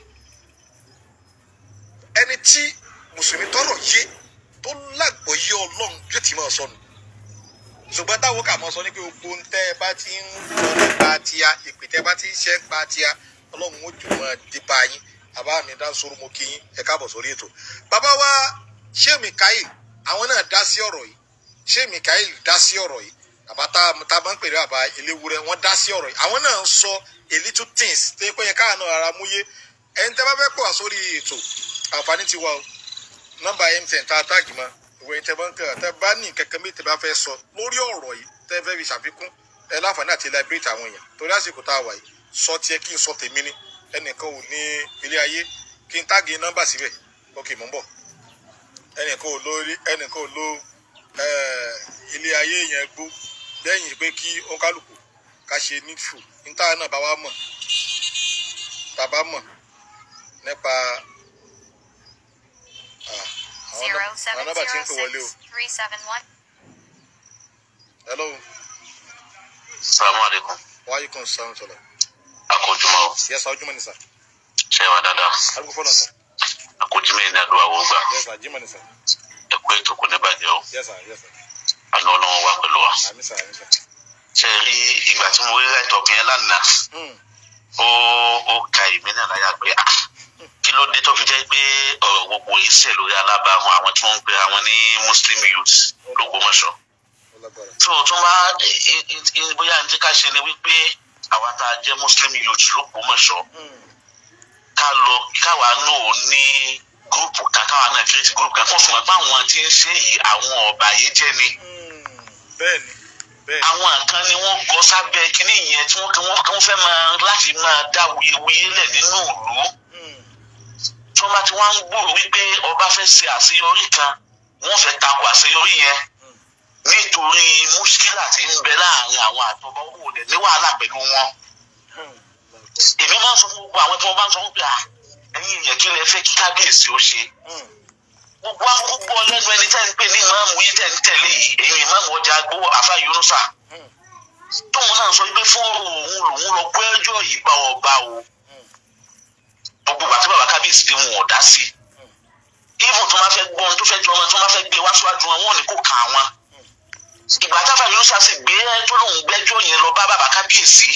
ẹni tí mùsùlùmí tọrọ yé tó lágbòye ọlọ́run yóò ti máa sọ nù ṣùgbọ́n táwọn kà mọ́ sọ ní pé gbogbo ń tẹ́ ẹ bá ti ń lọ nípa tíya ìpè tẹ́ ẹ bá ti ń ṣe nípa tíya ọlọ́run ó jù mọ́ dípa yín bàbá mi dá sórí mo kí yín ẹ káàbọ̀ sórí ètò. bàbá wa ṣé Mikael àwọn náà dá sí ọ̀rọ̀ yìí ṣé Mikael dá sí ọ̀rọ̀ yìí bàbá tá a máa ń pèrè bàbá eléwúrẹ́ wọ́n dá sí ọ̀rọ̀ yìí àwọn náà ń sọ a little things tó yẹ kó yẹ káà náà ara múyé ẹni tẹ́ bá fẹ́ pọ̀ wá sórí ètò àǹfààní ti wá o nọ́mbà mtn tá a táàgì mọ́ ìwé ìtẹ̀bọ́nkà tẹ́ bá ní kankan méjì tẹ́ bá fẹ́ sọ lórí ọ̀rọ̀ yìí tẹ́ fẹ́ fi ṣàfikún ẹ láǹfààní àti library àwọn èèyàn torí àsìkò tá a wà yìí sọ tiẹ̀ kí n sọ tèmi ni ẹnìkan ò ní ilé ayé kí n táàgì nọ́mbà síbẹ̀ ok mò ń bọ̀ ẹnìkan ò ló ẹnìkan ò ló ilé ayé yẹn gbó lẹ́yìn pé kí oníkálùkù ká ṣe needful níta náà bá wa mọ̀ tàbá mọ̀ nípa zero seven zero six three seven one. hello. salaamaleykum. wa aleykum salaam tala. a ko juma o. Yes, o juma ni sa. ṣe wa dada. arúgbó fọlọ sa. a ko juma yìí ni adu awo gba. yasa juma ni sa. ẹ kó ètò kò ní bàjẹ́ o. yasa yasa. a ní ọlọ́wọ́ wa pẹ̀lú wa. àmísà àmísà. ṣe rí ìgbà tí mo rí rẹ̀ tọ̀gbìn ẹ̀ lánàá. Hmm. ó ó ka ìmínà láyà pé kí ló dé tó fi jẹ́ pé ọ̀rọ̀ gbogbo yìí ṣẹ̀ lórí alábàáhùn àwọn tí wọ́n ń pe àwọn ní muslim youth lógbómọ̀ṣọ́ tó tún wá bóyá ní ká ṣe ni wípé àwa tá a jẹ́ muslim youth lógbómọ̀ṣọ́ hmm. ká lọ káwa náà ní gúrùpù kan káwa náà kírètì gúrùpù kan fún fún wọn pé àwọn tí ń ṣe yìí àwọn ọ̀bà yìí jẹ́ ni. Hmm. bẹ́ẹ̀ni àwọn nǹkan ni wọ́n gbọ́ sábẹ́ kínní yẹn tí wọ́n fẹ́ máa láti máa dá wuyewuye lẹ̀ nínú ìlú tí wọ́n bá ti wá ń gbòòrò wípé ọba fẹ́ ṣe àṣeyọrí kan wọ́n fẹ́ takò àṣeyọrí yẹn nítorí muskila ti ń bẹ láàrin àwọn àtọ́gbọ́n wò lẹ̀ ní wàhálà pẹ̀lú wọn. èmi máa ń sọ fún gbogbo àwọn tí wọ́n bá ń sọ fún pé ẹ̀yin èèyàn kí lẹ fẹ́ kí kábíyèsí ó ṣe. gbogbo akókó ọlẹ́nu ẹni tẹ́ ń pè ní ìmáàmù yìí tẹ́ ń tẹ̀lé yìí èyí ìmáàmù ọjà gbó àfa Yunusa. tóun náà sọ pé fóònù òun lòun lọ gbẹ́jọ́ ìgbà ọba o gbogbo wàtí bàbá kábíyèsí dé wọn ò dá sí even tó máa fẹ́ gbọ́n tó fẹ́ jọ wọn tó máa fẹ́ gbé wá síwájú wọn wọn ò ní kó kà wọn ìgbà táfà yunusa sì gbé tó lóun gbẹ́jọ́ yẹn lọ bá bàbá kábíyèsí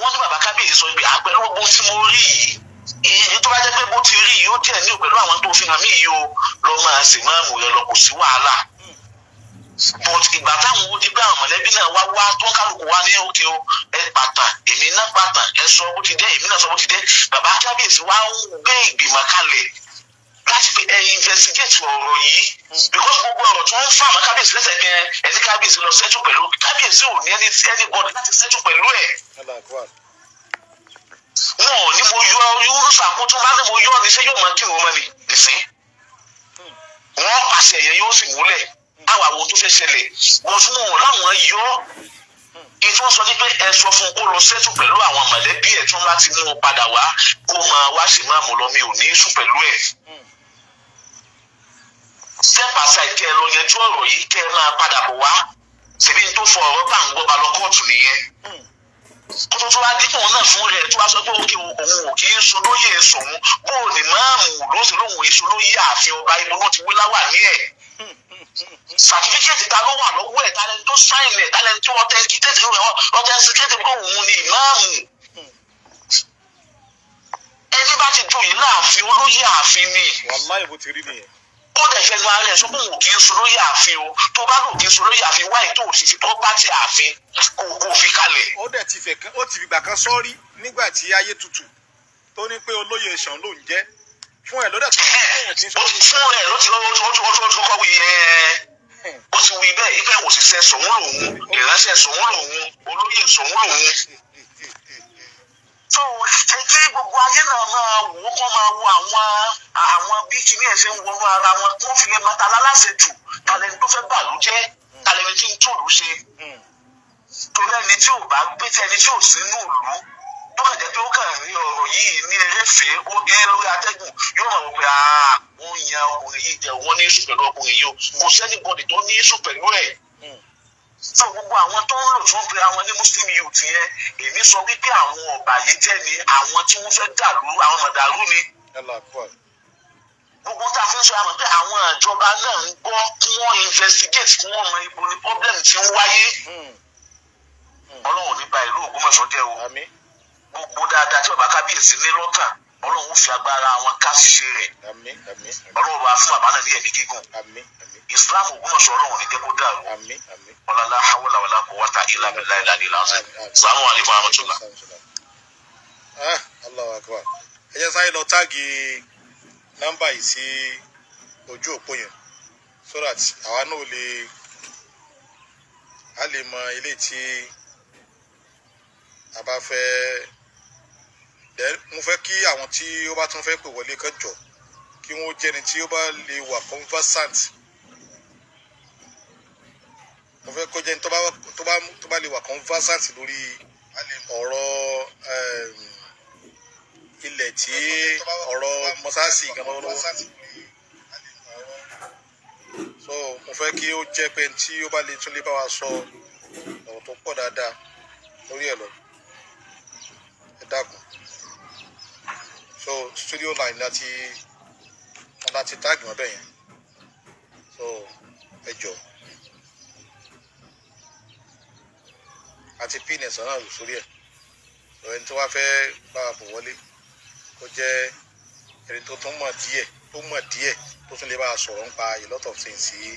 wọn ní bàbá kábíyèsí sọ pé àpẹẹrẹ gbogbo tí mo rí yìí èyí tó bá jẹ́ pé bó ti rí yìí ó díẹ̀ ní òpẹlú àwọn tó fi hàn mí yìí o lọ máa sì máa yẹn lọ kò sí wàhálà but ìgbà táwọn ó di pé àwọn mọ̀lẹ́bí náà wá wá tó kálukú wá ní òkè o ẹ pàtà èmi náà pàtà ẹ sọ bó ti dé èmi náà sọ bó ti dé bàbá kábíyèsí wá ń gbé ìgbìmọ̀ kalẹ̀ láti fi ẹ investigate ọ̀rọ̀ yìí because gbogbo ọ̀rọ̀ tí ń fà mọ́ kábíyèsí lẹ́sẹ̀ gan ẹni kábíyèsí lọ sẹ́tù pẹ̀lú kábíyèsí ò ní ẹni anybody láti sẹ́tù pẹ̀lú ẹ̀ wọn ò mo yọ yúrúsù bá ní mo yọ ní sẹ́yìn òmà kí n ò mọ ni ìsín hmm. wọn pàṣẹ ẹ̀yẹ yóò sì múlẹ̀ àwa wo tó fẹ́ ṣẹlẹ̀ wọ́n tún wọn láwọn yọ ìfọ́n sọ pé ẹ sọ fún kó lọ sẹ́tù pẹ̀lú àwọn mọ̀lẹ́bí ẹ̀ tó ń bá ti mú un padà wá kó máa wá sí máàmù lọ mi ò ní í sùn pẹ̀lú ẹ̀ step aside kẹ ẹ lọ yanjú ọ̀rọ̀ yìí kẹ ẹ máa padà bọ̀ wá ṣèbí n tó fọ ọ̀rọ̀ bá ń gbọ́ ba lọ kóòtù nìyẹn kó tó tó wá dípò náà fún rẹ tó wá sọ pé òkè òun ò kì í so lóye èso òun bó máàmù lóṣèlú òun certificate ta ló wà lọ́wọ́ ẹ̀ talẹ́ni tó sáìn ẹ̀ talẹ́ni tí wọ́n tẹ́sí tẹ́sí fún ẹ̀ wọ́n tẹ́sí tẹ́sí kó wù ú ní ìmáàmù. ẹni bá ti dùn yìí láàfin olóyè ààfin ni. wàláhì bó ti rí nìyẹn. ó dẹ̀ fẹ́ gba ara ẹ̀ sọ pé òun kì í sun lóyè ààfin o tó bá lò kì í sun lóyè ààfin wáyé tó òṣìṣẹ́ tó bá ti ààfin kò kò fi kalẹ̀. ó dẹ̀ ti fìgbà kan sọ́rí nígbà tí ayé fún ẹ lọ́dọ̀ tó ń fún ẹ ló ti kọ́ wí yẹn ó ti wí bẹ́ẹ̀ ifẹ̀ òṣìṣẹ́ sòun lòun ìránṣẹ́ sòun lòun olóyè sòun lòun. tó kí gbogbo ayé náà máa wò kó máa wo àwọn àwọn bí kinní ẹ̀ ṣe ń wọnú ara wọn kó fi lè máa ta lálàsẹ̀ jù tàlẹ́ni tó fẹ́ bà ló jẹ́ tàlẹ́ni tí ń tòlú ṣe hmm. torí ẹni tí ò bá gbé tí ẹni tí ò sínú ìlú tó bá jẹ́ pé ó kàn rí ọ̀rọ̀ yìí ní eréfèé ó gé lórí atẹ́gùn yóò mọ̀ pé ah, wọ́n yan ọkùnrin yìí jẹ́ wọ́n ní iṣu pẹ̀lú ọkùnrin yìí o kò sẹ́ni bọ́dì tó ní iṣu pẹ̀lú ẹ̀. fún gbogbo àwọn tó ń lò tó ń àwọn ní muslim youth yẹn èmi sọ wípé àwọn ọ̀bà yìí jẹ́ ni àwọn tí wọ́n fẹ́ dàlú àwọn mọ̀dàlú ni. gbogbo tá a fi ń sọ àmọ́ pé àwọn ìjọba náà ń gbọ́ kí wọ́n investigate kí wọ́n mọ ibo ni problem ti ń wáyé. Hmm. Hmm. ọlọ́run ní ba ìlú Ògbómọ̀ṣọ́ jẹ́ o gbogbo dáadáa tí bàbá kábíyèsí ní lọ́tàn ọlọ́run fi agbára àwọn káṣíṣe rẹ̀ ọlọ́run bá fún àbá náà ní ẹ̀mí gígùn islam ògbómọ̀ṣọ́ ọlọ́run ní dẹ́kun dàrú ọlọ́lá hawala wàlá kò wáta ilà bẹ̀lá ilà ní lásán sàmú àlefà àmọ́tòlá. ẹ jẹ́ sáyé lọ táàgì nọ́mbà yìí sí ojú òpó yẹn so that àwa náà lè a lè mọ ilé tí a bá fẹ́ẹ́ then mo fẹ́ kí àwọn tí ó bá tún fẹ́ pè wọlé kan jọ kí wọ́n jẹ́ni tí ó bá lè wà conversant mo fẹ́ kó jẹ́ni tó bá lè wà conversant lórí ọ̀rọ̀ ehm, ilẹ̀ tí ọ̀rọ̀ mọ́sáàsì ìgbàlọ́wọ́ lọ́wọ́ so mo fẹ́ kí ó jẹ́ pé tí ó bá lè tún lè bá wa sọ ọ̀rọ̀ tó pọ̀ dáadáa lórí ẹ̀ lọ ẹ dákun so studio line láti láti táàgì wọn bẹ́ẹ̀ yẹn so ẹ jọ àti pin ẹ̀sán náà sórí ẹ̀ so ẹni tó wá fẹ́ bá a bò wọlé kó jẹ́ ẹni tó tún mọ̀ díẹ̀ tó mọ̀ díẹ̀ tó tún lè bá a sọ̀rọ̀ nípa a lot of things yìí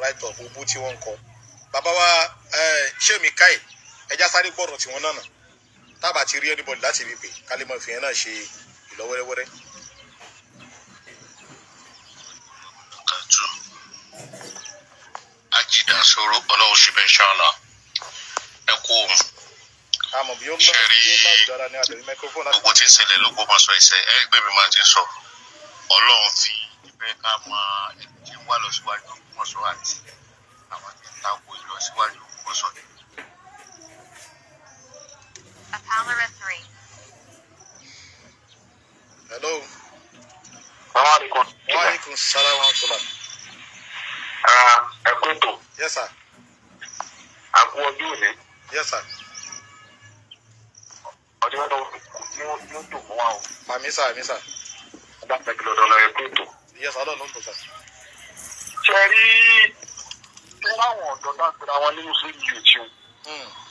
right of gbogbo tí wọ́n kọ bàbá wa ṣé mi káyè ẹja sáré gbọ́dọ̀ tí wọ́n náà tábà ti rí anybody láti rí pé ká lè mọ ìfihàn náà ṣe ìlọ́wẹ́rẹ́wẹ́rẹ́. ajídà sọ̀rọ̀ ọlọ́run síbẹ̀ ṣáàlà ẹ kú òun. ṣe rí gbogbo tí ń ṣẹlẹ̀ ló gbọ́n sọ ìṣe ẹ gbé mi máa ti sọ ọlọ́run fi ìfẹ́ ká máa ẹni tí ń wà lọ síwájú Ògbómọ̀ṣọ́ àti àwọn tí ń tako ìlọsíwájú Ògbómọ̀ṣọ́ nìyẹn. Apalera 3. Hello. Salaam alaikum. Wa alaikum salaam wa rahmatulah. Ẹ kú Yes sir. A kú ọjọ́ òní. Yes sir. Ọjọ́ tó yóò dùn fún wa o. Àmì sà àmì sà. Ọba pẹ̀lú ọ̀dọ́ lọ ẹ kú Yes sir, ọlọ́run ló ń bọ̀ sà. Ṣé rí láwọn ọ̀dọ́ bá gbéra wọn ní Mùsùlùmí yóò tí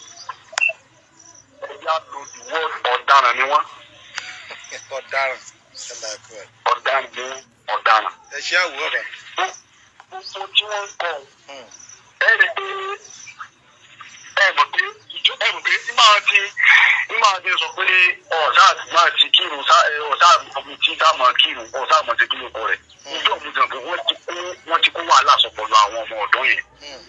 ẹ̀yà lo the word ọ̀daràn ni wọ́n. ọ̀daràn ọ̀daràn ni wọ́n ọ̀daràn. ẹ ṣe àwòrán rẹ. gbogbo tí wọ́n ń kọ́ hmm. ẹ rí pé ẹ mọ̀ pé ẹ mọ̀ pé ní máa ti ní máa ti sọ pé ọ̀sá àti máa ti kírun ọ̀sá àmì tí tá máa kírun ọ̀sá àmọ̀ ti kílò kọ rẹ̀. Hmm. ìjọ mi gan pé wọ́n ti kó wàhálà sọ̀pọ̀ lọ àwọn ọmọ ọ̀dọ́ yẹn. Hmm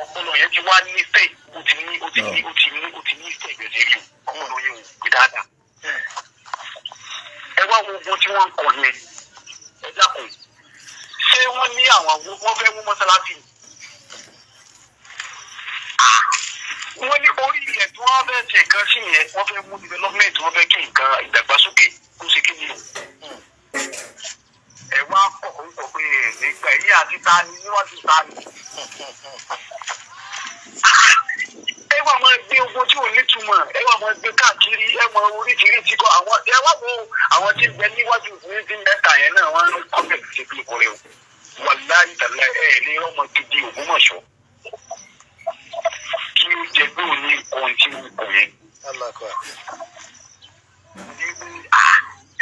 ọpọlọ yẹn ti wá ní fẹ o ti ní o ti ní o ti ní o ti ní ìfẹ́ ìgbẹ̀jẹ̀ rí o ọmọ náà yẹn o gbé dáadáa. ẹ wá wo ogun tí wọ́n ń kọ yẹn ẹ dákun ṣé wọ́n ní àwọn wọ́n fẹ́ mú mọ́sálásí ni. wọ́n ní orí ilẹ̀ tí wọ́n fẹ́ ṣe nǹkan sí yẹn wọ́n fẹ́ mú development wọ́n fẹ́ kí nǹkan ìdàgbàsókè kó ṣe kí ni o ẹ wá kọ̀ọ̀kan sọ pé nígbà yín àti ta ni wọ́n ti ta ni. ẹ wá máa gbé ogun tí ò nítumọ̀ ẹ wá máa gbé káàkiri ẹ mọ oríṣiríṣi kọ àwọn ẹ wá wo àwọn tí ń bẹ níwájú ní mẹ́ta yẹn náà wọ́n ń kọ́ bẹ̀ sí bí kò rẹ̀ o wàláyé tàlá ẹ ní ọmọ gidi Ògbómọ̀ṣọ́ kí ó jẹ pé òní nǹkan tí ó kọ yẹn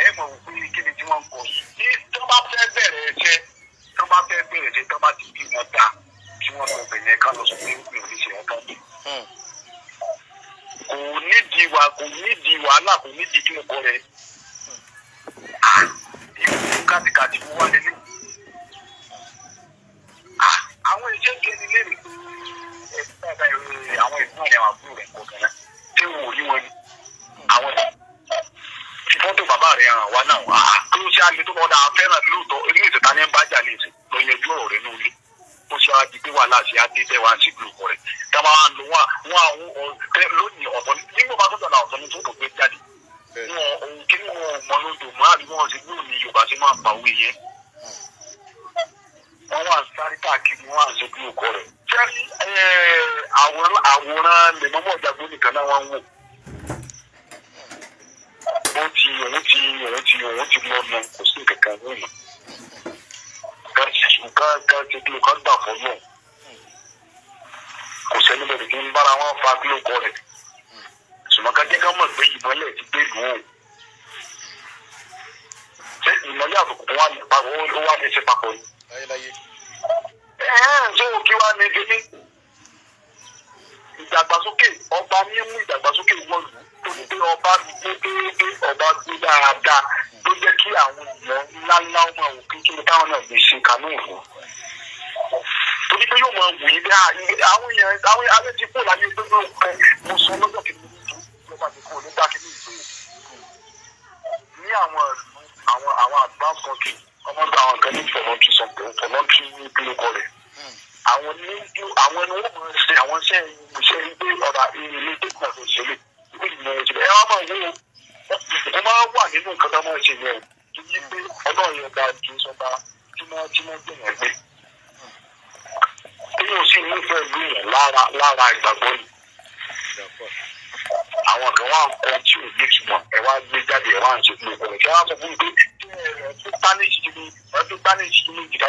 ẹ mọ̀ wò pé kí ni tí wọ́n ń kọ ní tó bá fẹ́ bẹ̀rẹ̀ ẹ̀ṣẹ́ tó bá fẹ́ bẹ̀rẹ̀ ẹ̀ṣẹ́ tó bá ti bí wọn dà tí wọ́n lọ bẹ̀rẹ̀ ká lọ sọ pé mi ò ní ṣe ọkọ mi. Hmm. kò nídìí wa kò nídìí wàhálà kò nídìí kí mo kọ rẹ. ìlú kàtìkàtì mo wá lélẹ̀. Ah, àwọn ìṣe kẹ́ni lè rí àwọn ìgbọ́n rẹ̀ wà rẹ̀ kọ̀ọ̀kan náà tí wọ́n ò rí wọn ni àwọn ìgbọ́n fi fọ́tò bàbá rẹ̀ hàn wá náà wá kí ó ṣe àlè tó kọ́ dáa fẹ́ràn lóòótọ́ inú ìsìta ní bá jàlè sí ló yanjú ọ̀rọ̀ rẹ̀ ní ilé ó ṣe wá di pé wàhálà ṣe á dé tẹ́wàá sí gbogbo rẹ̀ dábàá wà ló wà wọn àwọn lónìí ọ̀tọ̀ nígbà bá tó dọ̀la ọ̀tọ̀ ní tó kò gbé jáde wọn kí wọn mọ lódò mọ àdúgbò wọn sí gbòòrò ní Yorùbá sí máa pa òwe yẹn wọn wà sáré káàkiri wọn à ń rẹ̀. jẹ́rí àwòrán lèmọ́mọ́ ìjàgbó nìkan náà wọ́n wò. mọ wọn ti mọ ọ̀nà kò sí kankan wọn mọ ká ṣùgbọ́n ká ká ṣe kí ló ká gbà fọ́ náà kò sẹ́ni bẹ̀rẹ̀ kí n bára wọn fa kí ló kọ́ rẹ̀ ṣùgbọ́n ká jẹ́ ká mọ̀ pé ìmọ̀lẹ̀ ti gbé lù ú ṣé ìmọ̀lẹ̀ àbùkù wa ní papọ̀ ó wà ní ṣe papọ̀ ni. ẹ̀ẹ́n o kí wá ní ìdàgbàsókè ọba ní mú ìdàgbàsókè wọ̀lú nítorí pé ọba ti dé déédé ọba ti dáadáa ló jẹ́ kí àwọn èèyàn ńláńlá ọmọ òfin kí táwọn náà lè ṣe kanú òfin torí pé yóò máa wù í bí àwọn èèyàn àwọn arẹ ti kó láyé tó yóò pẹ mo sọ lọ́jọ́ kìíní ìjọba ti kó nígbà kìíní ìjọba ní àwọn àwọn àwọn advanced country ọmọ tó àwọn kan ní fọlọ́ntì sọ pé fọlọ́ntì ní kílókọ rẹ̀ àwọn ní àwọn ẹni wọ́n máa ṣe àwọn iṣẹ́ iṣẹ́ ilé ọ̀dà ilé tó kàn lóṣèlú pé ìyẹn ẹ ẹ wá máa yẹ o mo máa wà nínú nǹkan tá a yẹn o yí pé ọlọ́run yẹn ju sọba tímọ́tímọ́ gbìyànjú gbé èyí ò sì nífẹ̀ẹ́ gbìyànjú lára lára ìgbàgbọ́ yìí àwọn kan wà kọ tí ò ní ìtumọ̀ ẹ wá gbé jáde ẹ wá ń ṣe fún ọkọ ìṣẹ́ sọ fún mi pé ẹ̀rọ spanish ti mi ẹ̀rọ spanish ti mi jìdá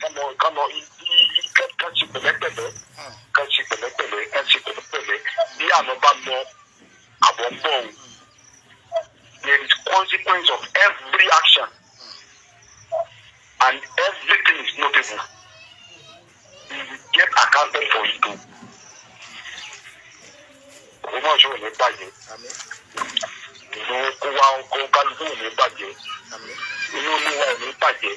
kánọ kánọ kan ṣe pẹ̀lẹ́pẹ̀lẹ́ kan ṣe pẹ̀lẹ́pẹ̀lẹ́ bí àná bá lọ àbọ̀ ń bọ̀ o there is consequence of every action and everything is notable you get accounted for it o òun náà ṣòro ní bàjẹ́ ìlú kó wá kó kálukú ní bàjẹ́ inú olúwa ò ní bàjẹ́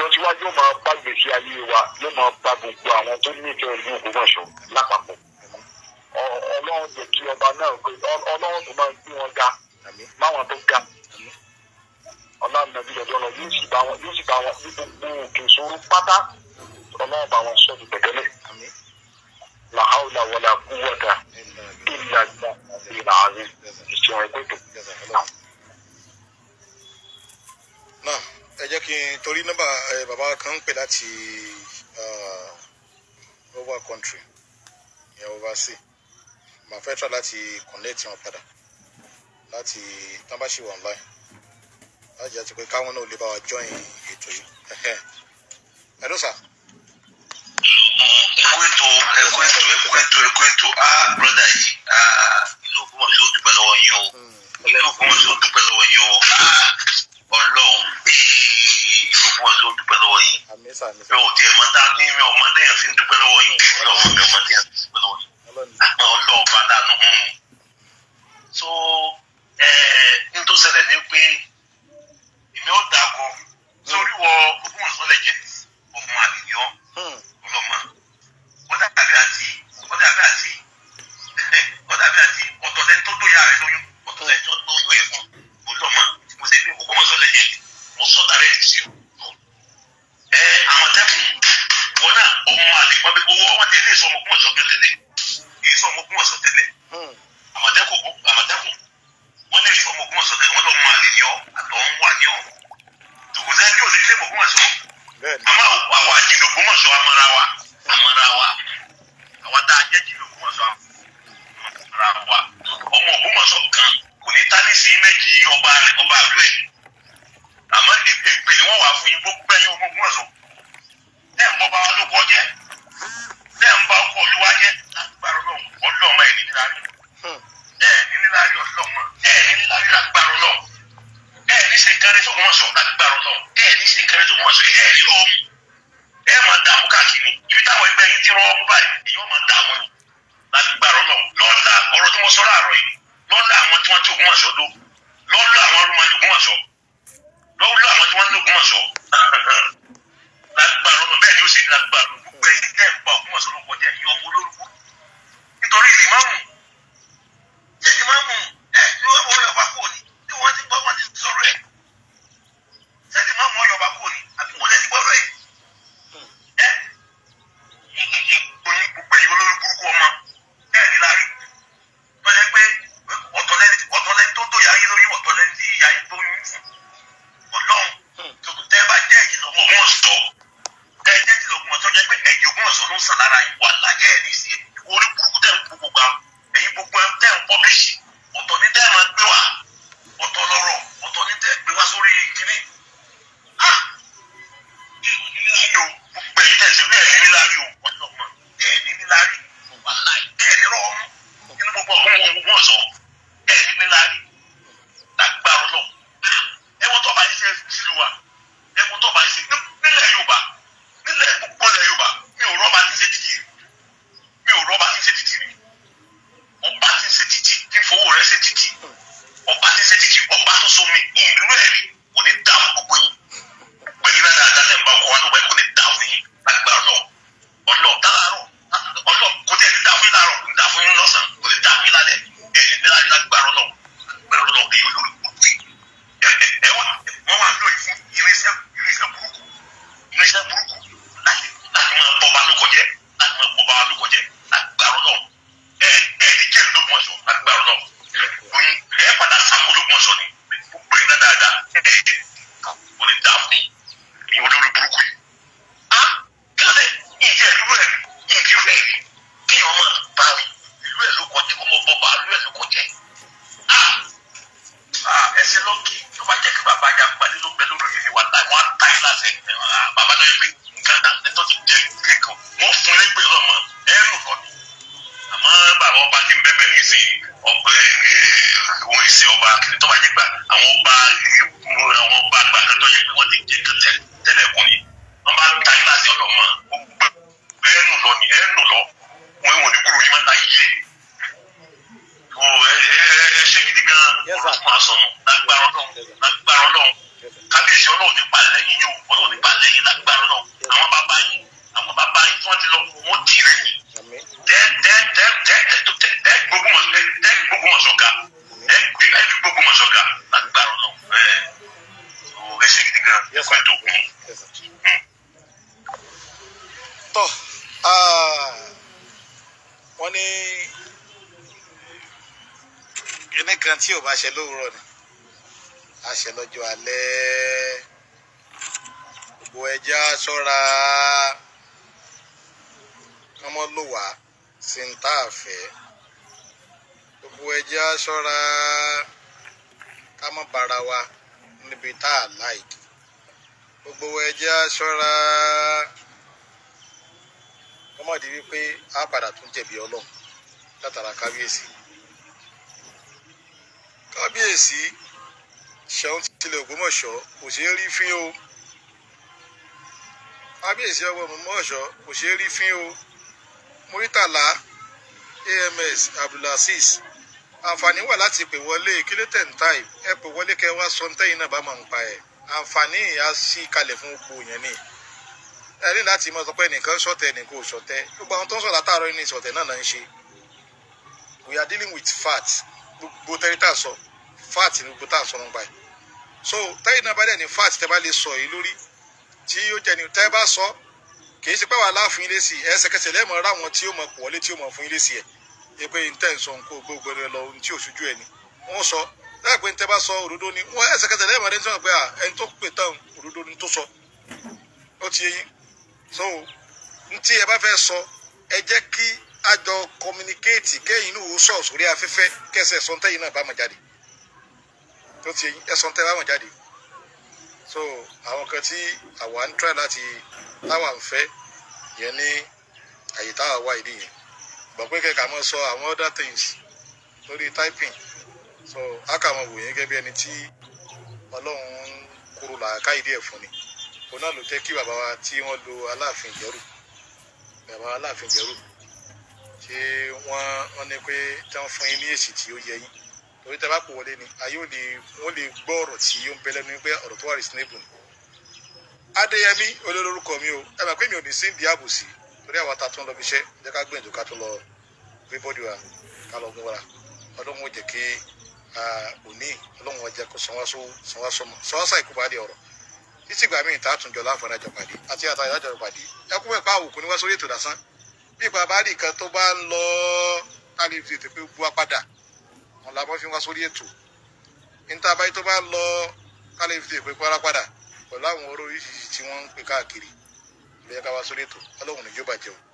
lọ́tí wá yóò máa bá gbèsè ayé wa yóò máa bá gbogbo àwọn tó nífẹ̀ẹ́ ìlú Ògbómọ̀ṣọ́ lápapọ̀ ọlọ́run jẹ́ kí ọba náà pé ọlọ́run tó máa gbé wọn ga máwọn tó ga ọlọ́run nàbí lọ́dọ̀ ọ̀nà yóò sì bá wọn yóò sì bá wọn ní gbogbo òkè ìṣòro pátá ọlọ́run bá wọn sọ ti tẹ̀tẹ̀lẹ̀ làhàwùlà wọlé àkúwọ̀dà ìlànà ìlànà ìṣòro ẹgbẹ́ tó. ẹ jẹ́ kí n torí nọ́mbà bàbá kan ń pè láti over country ìyẹn overseas màá fẹ́ try láti connect wọn padà láti tán online láti jẹ́ pé káwọn náà lè bá wa join ètò yìí hello sir. ẹkú ètò ẹkú ètò ẹkú ètò ẹkú ètò ah brother yìí ah inú ògbómọ̀ṣọ́ dúpẹ́ lọ́wọ́ yín o hmm. inú ògbómọ̀ṣọ́ dúpẹ́ lọ́wọ́ yín o ah ọlọ́run gbogbo ọ̀sẹ̀ ó dúpẹ́ lọ́wọ́ yín mi ò tiẹ̀ mọ dáadé mi ò mọ déyàn sí dúpẹ́ lọ́wọ́ yín lọ́wọ́ mi ò mọ déyàn sí dúpẹ́ lọ́wọ́ yín àmọ́ ọlọ́run bá dànù. so n tó ṣẹlẹ̀ ni pé èmi ò dà kọ hmm. sórí wọ ogún ìsọlẹ̀ jẹ ọmọ àlèyàn hmm. ọlọ́mọ wọ́n dàbí àti wọ́n dàbí àti wọ́n dàbí àti ọ̀tọ̀ lẹ́ni tó tó yà rẹ̀ lóyún hmm. ọ̀tọ̀ lẹ́ni tó tó lóyún ẹ̀fọn mọ̀ sọ lẹ́yìn mo sọ dàrẹ́ sí o ẹ àmọ̀tẹ́kùn wọn náà ọmọ àdìpọ́n bí gbogbo ọmọ tẹ̀lé ìsọ ọmọ kúmọ̀sọ tẹ́lẹ̀ hmm. ní ìsọ ọmọ kúmọ̀sọ tẹ́lẹ̀ àmọ̀tẹ́kùn àmọ̀tẹ́kùn wọn ní ìsọ tí ò bá ṣe lówùúrọ̀ ni a ṣe lọ́jọ́ alẹ́ gbogbo ẹja ṣọ́ra kọ́mọ́ ló wà sí ń tá a fẹ́ gbogbo ẹja ṣọ́ra kámọ́ níbi tá a láìkì gbogbo ẹja ṣọ́ra kọ́mọ́ wípé a padà tún jẹ̀bi ọlọ́run látara kábíyèsí kábíyèsí ṣẹun tilẹ̀ ògbómọ̀ṣọ́ kò ṣeé rí fín o kábíyèsí ọwọ́ ògbómọ̀ṣọ́ kò ṣeé rí fín o muritala ams abdulaziz àǹfààní wà láti pè wọlé kílótẹ̀n táì ẹ pè wọlé kẹ wá sọ ntẹ́yìn náà bá máa ń pa ẹ̀ àǹfààní yìí á sí kalẹ̀ fún gbogbo yẹn ni ẹ ní láti mọ sọ nìkan sọ̀tẹ̀ nìkan ò sọ̀tẹ̀ gbogbo àwọn tó ń sọ̀tà táàrọ̀ ní sọ̀tẹ̀ náà náà ń ṣe we are dealing with facts gbogbo tẹ́rítà sọ. So fat ní gbogbo tá à ń sọ̀rọ̀ nípa ẹ̀ so táyì náà bá dẹ̀ ní fat tẹ́ bá lè sọ yìí lórí tí yóò jẹ́ ni tẹ́ bá sọ kì í ṣe pé wàá láàfin ilé sí ẹ ẹsẹ̀kẹsẹ̀ lẹ́ẹ̀mọ́ ra àwọn tí yóò mọ̀ pọ̀ wọlé tí yóò mọ̀ fún ilé sí ẹ̀ ẹ pé n tẹ́ ń sọ nǹkó gbogbo rẹ lọ ohun tí ò ṣojú ẹ ni wọ́n sọ láì pé bá sọ òdodo ni wọ́n ẹsẹ̀kẹsẹ̀ lẹ́ẹ̀mọ́ rẹ ń sọ̀rọ̀ pé à ẹni tó pè tán òdodo ni tó sọ ó ti yé yín so ntí ẹ bá fẹ́ sọ ẹ jẹ́ kí a jọ communicate kẹ́yìn ní òwúsọ̀ sórí afẹ́fẹ́ kẹsẹ̀ sọ́ńtẹ́yìn náà bá mọ̀ jáde tó ti ẹ̀sán tẹ́ báwọn jáde so àwọn kan tí àwa ń try láti táwa ń fẹ́ yẹn ní àyè táwa wá ìdí yẹn gbọ́ pé kẹ́kẹ́ àmọ́ sọ àwọn other things lórí typing so a kà mọ̀ wò yẹn gẹ́gẹ́ bí ẹni tí ọlọ́run ń kúrò làákà ìdí ẹ̀ fún ni òun náà ló jẹ́ kí bàbá wa tí wọ́n lo aláàfin ìjẹ́rù bàbá aláàfin ìjẹ́rù tí wọ́n ní pé tí wọ́n fún yín ní èsì tí ó yẹ yín torí tẹ́ kò wọlé ni ayé ò lè wọ́n lè gbọ́ ọ̀rọ̀ tí yóò ń bẹ lẹ́nu pé ọ̀rọ̀ tó wà reasonable ni. adéyẹmí olórúkọ mi o ẹ mọ̀ pé mi ò ní sí ìdí àbòsí torí àwa ta tún lọ bí iṣẹ́ jẹ́ ká gbìyànjú ká tún lọ gbé bọ́dì wa ká lọ gún wara ọlọ́run ó jẹ́ kí òní ọlọ́run ó jẹ́ kó sanwó-sanwó sanwó-sanwó ìkúbalè ọ̀rọ̀ títí gbà míì tá a jọ wọn làwọn fi wá sórí ètò níta báyìí tó bá lọ kálífìtì ìpè párápàdà pẹ̀lú àwọn oró yìí tí wọ́n ń pè káàkiri ló yẹ wá sórí ètò ọlọ́run ní yóò bàjẹ́ o.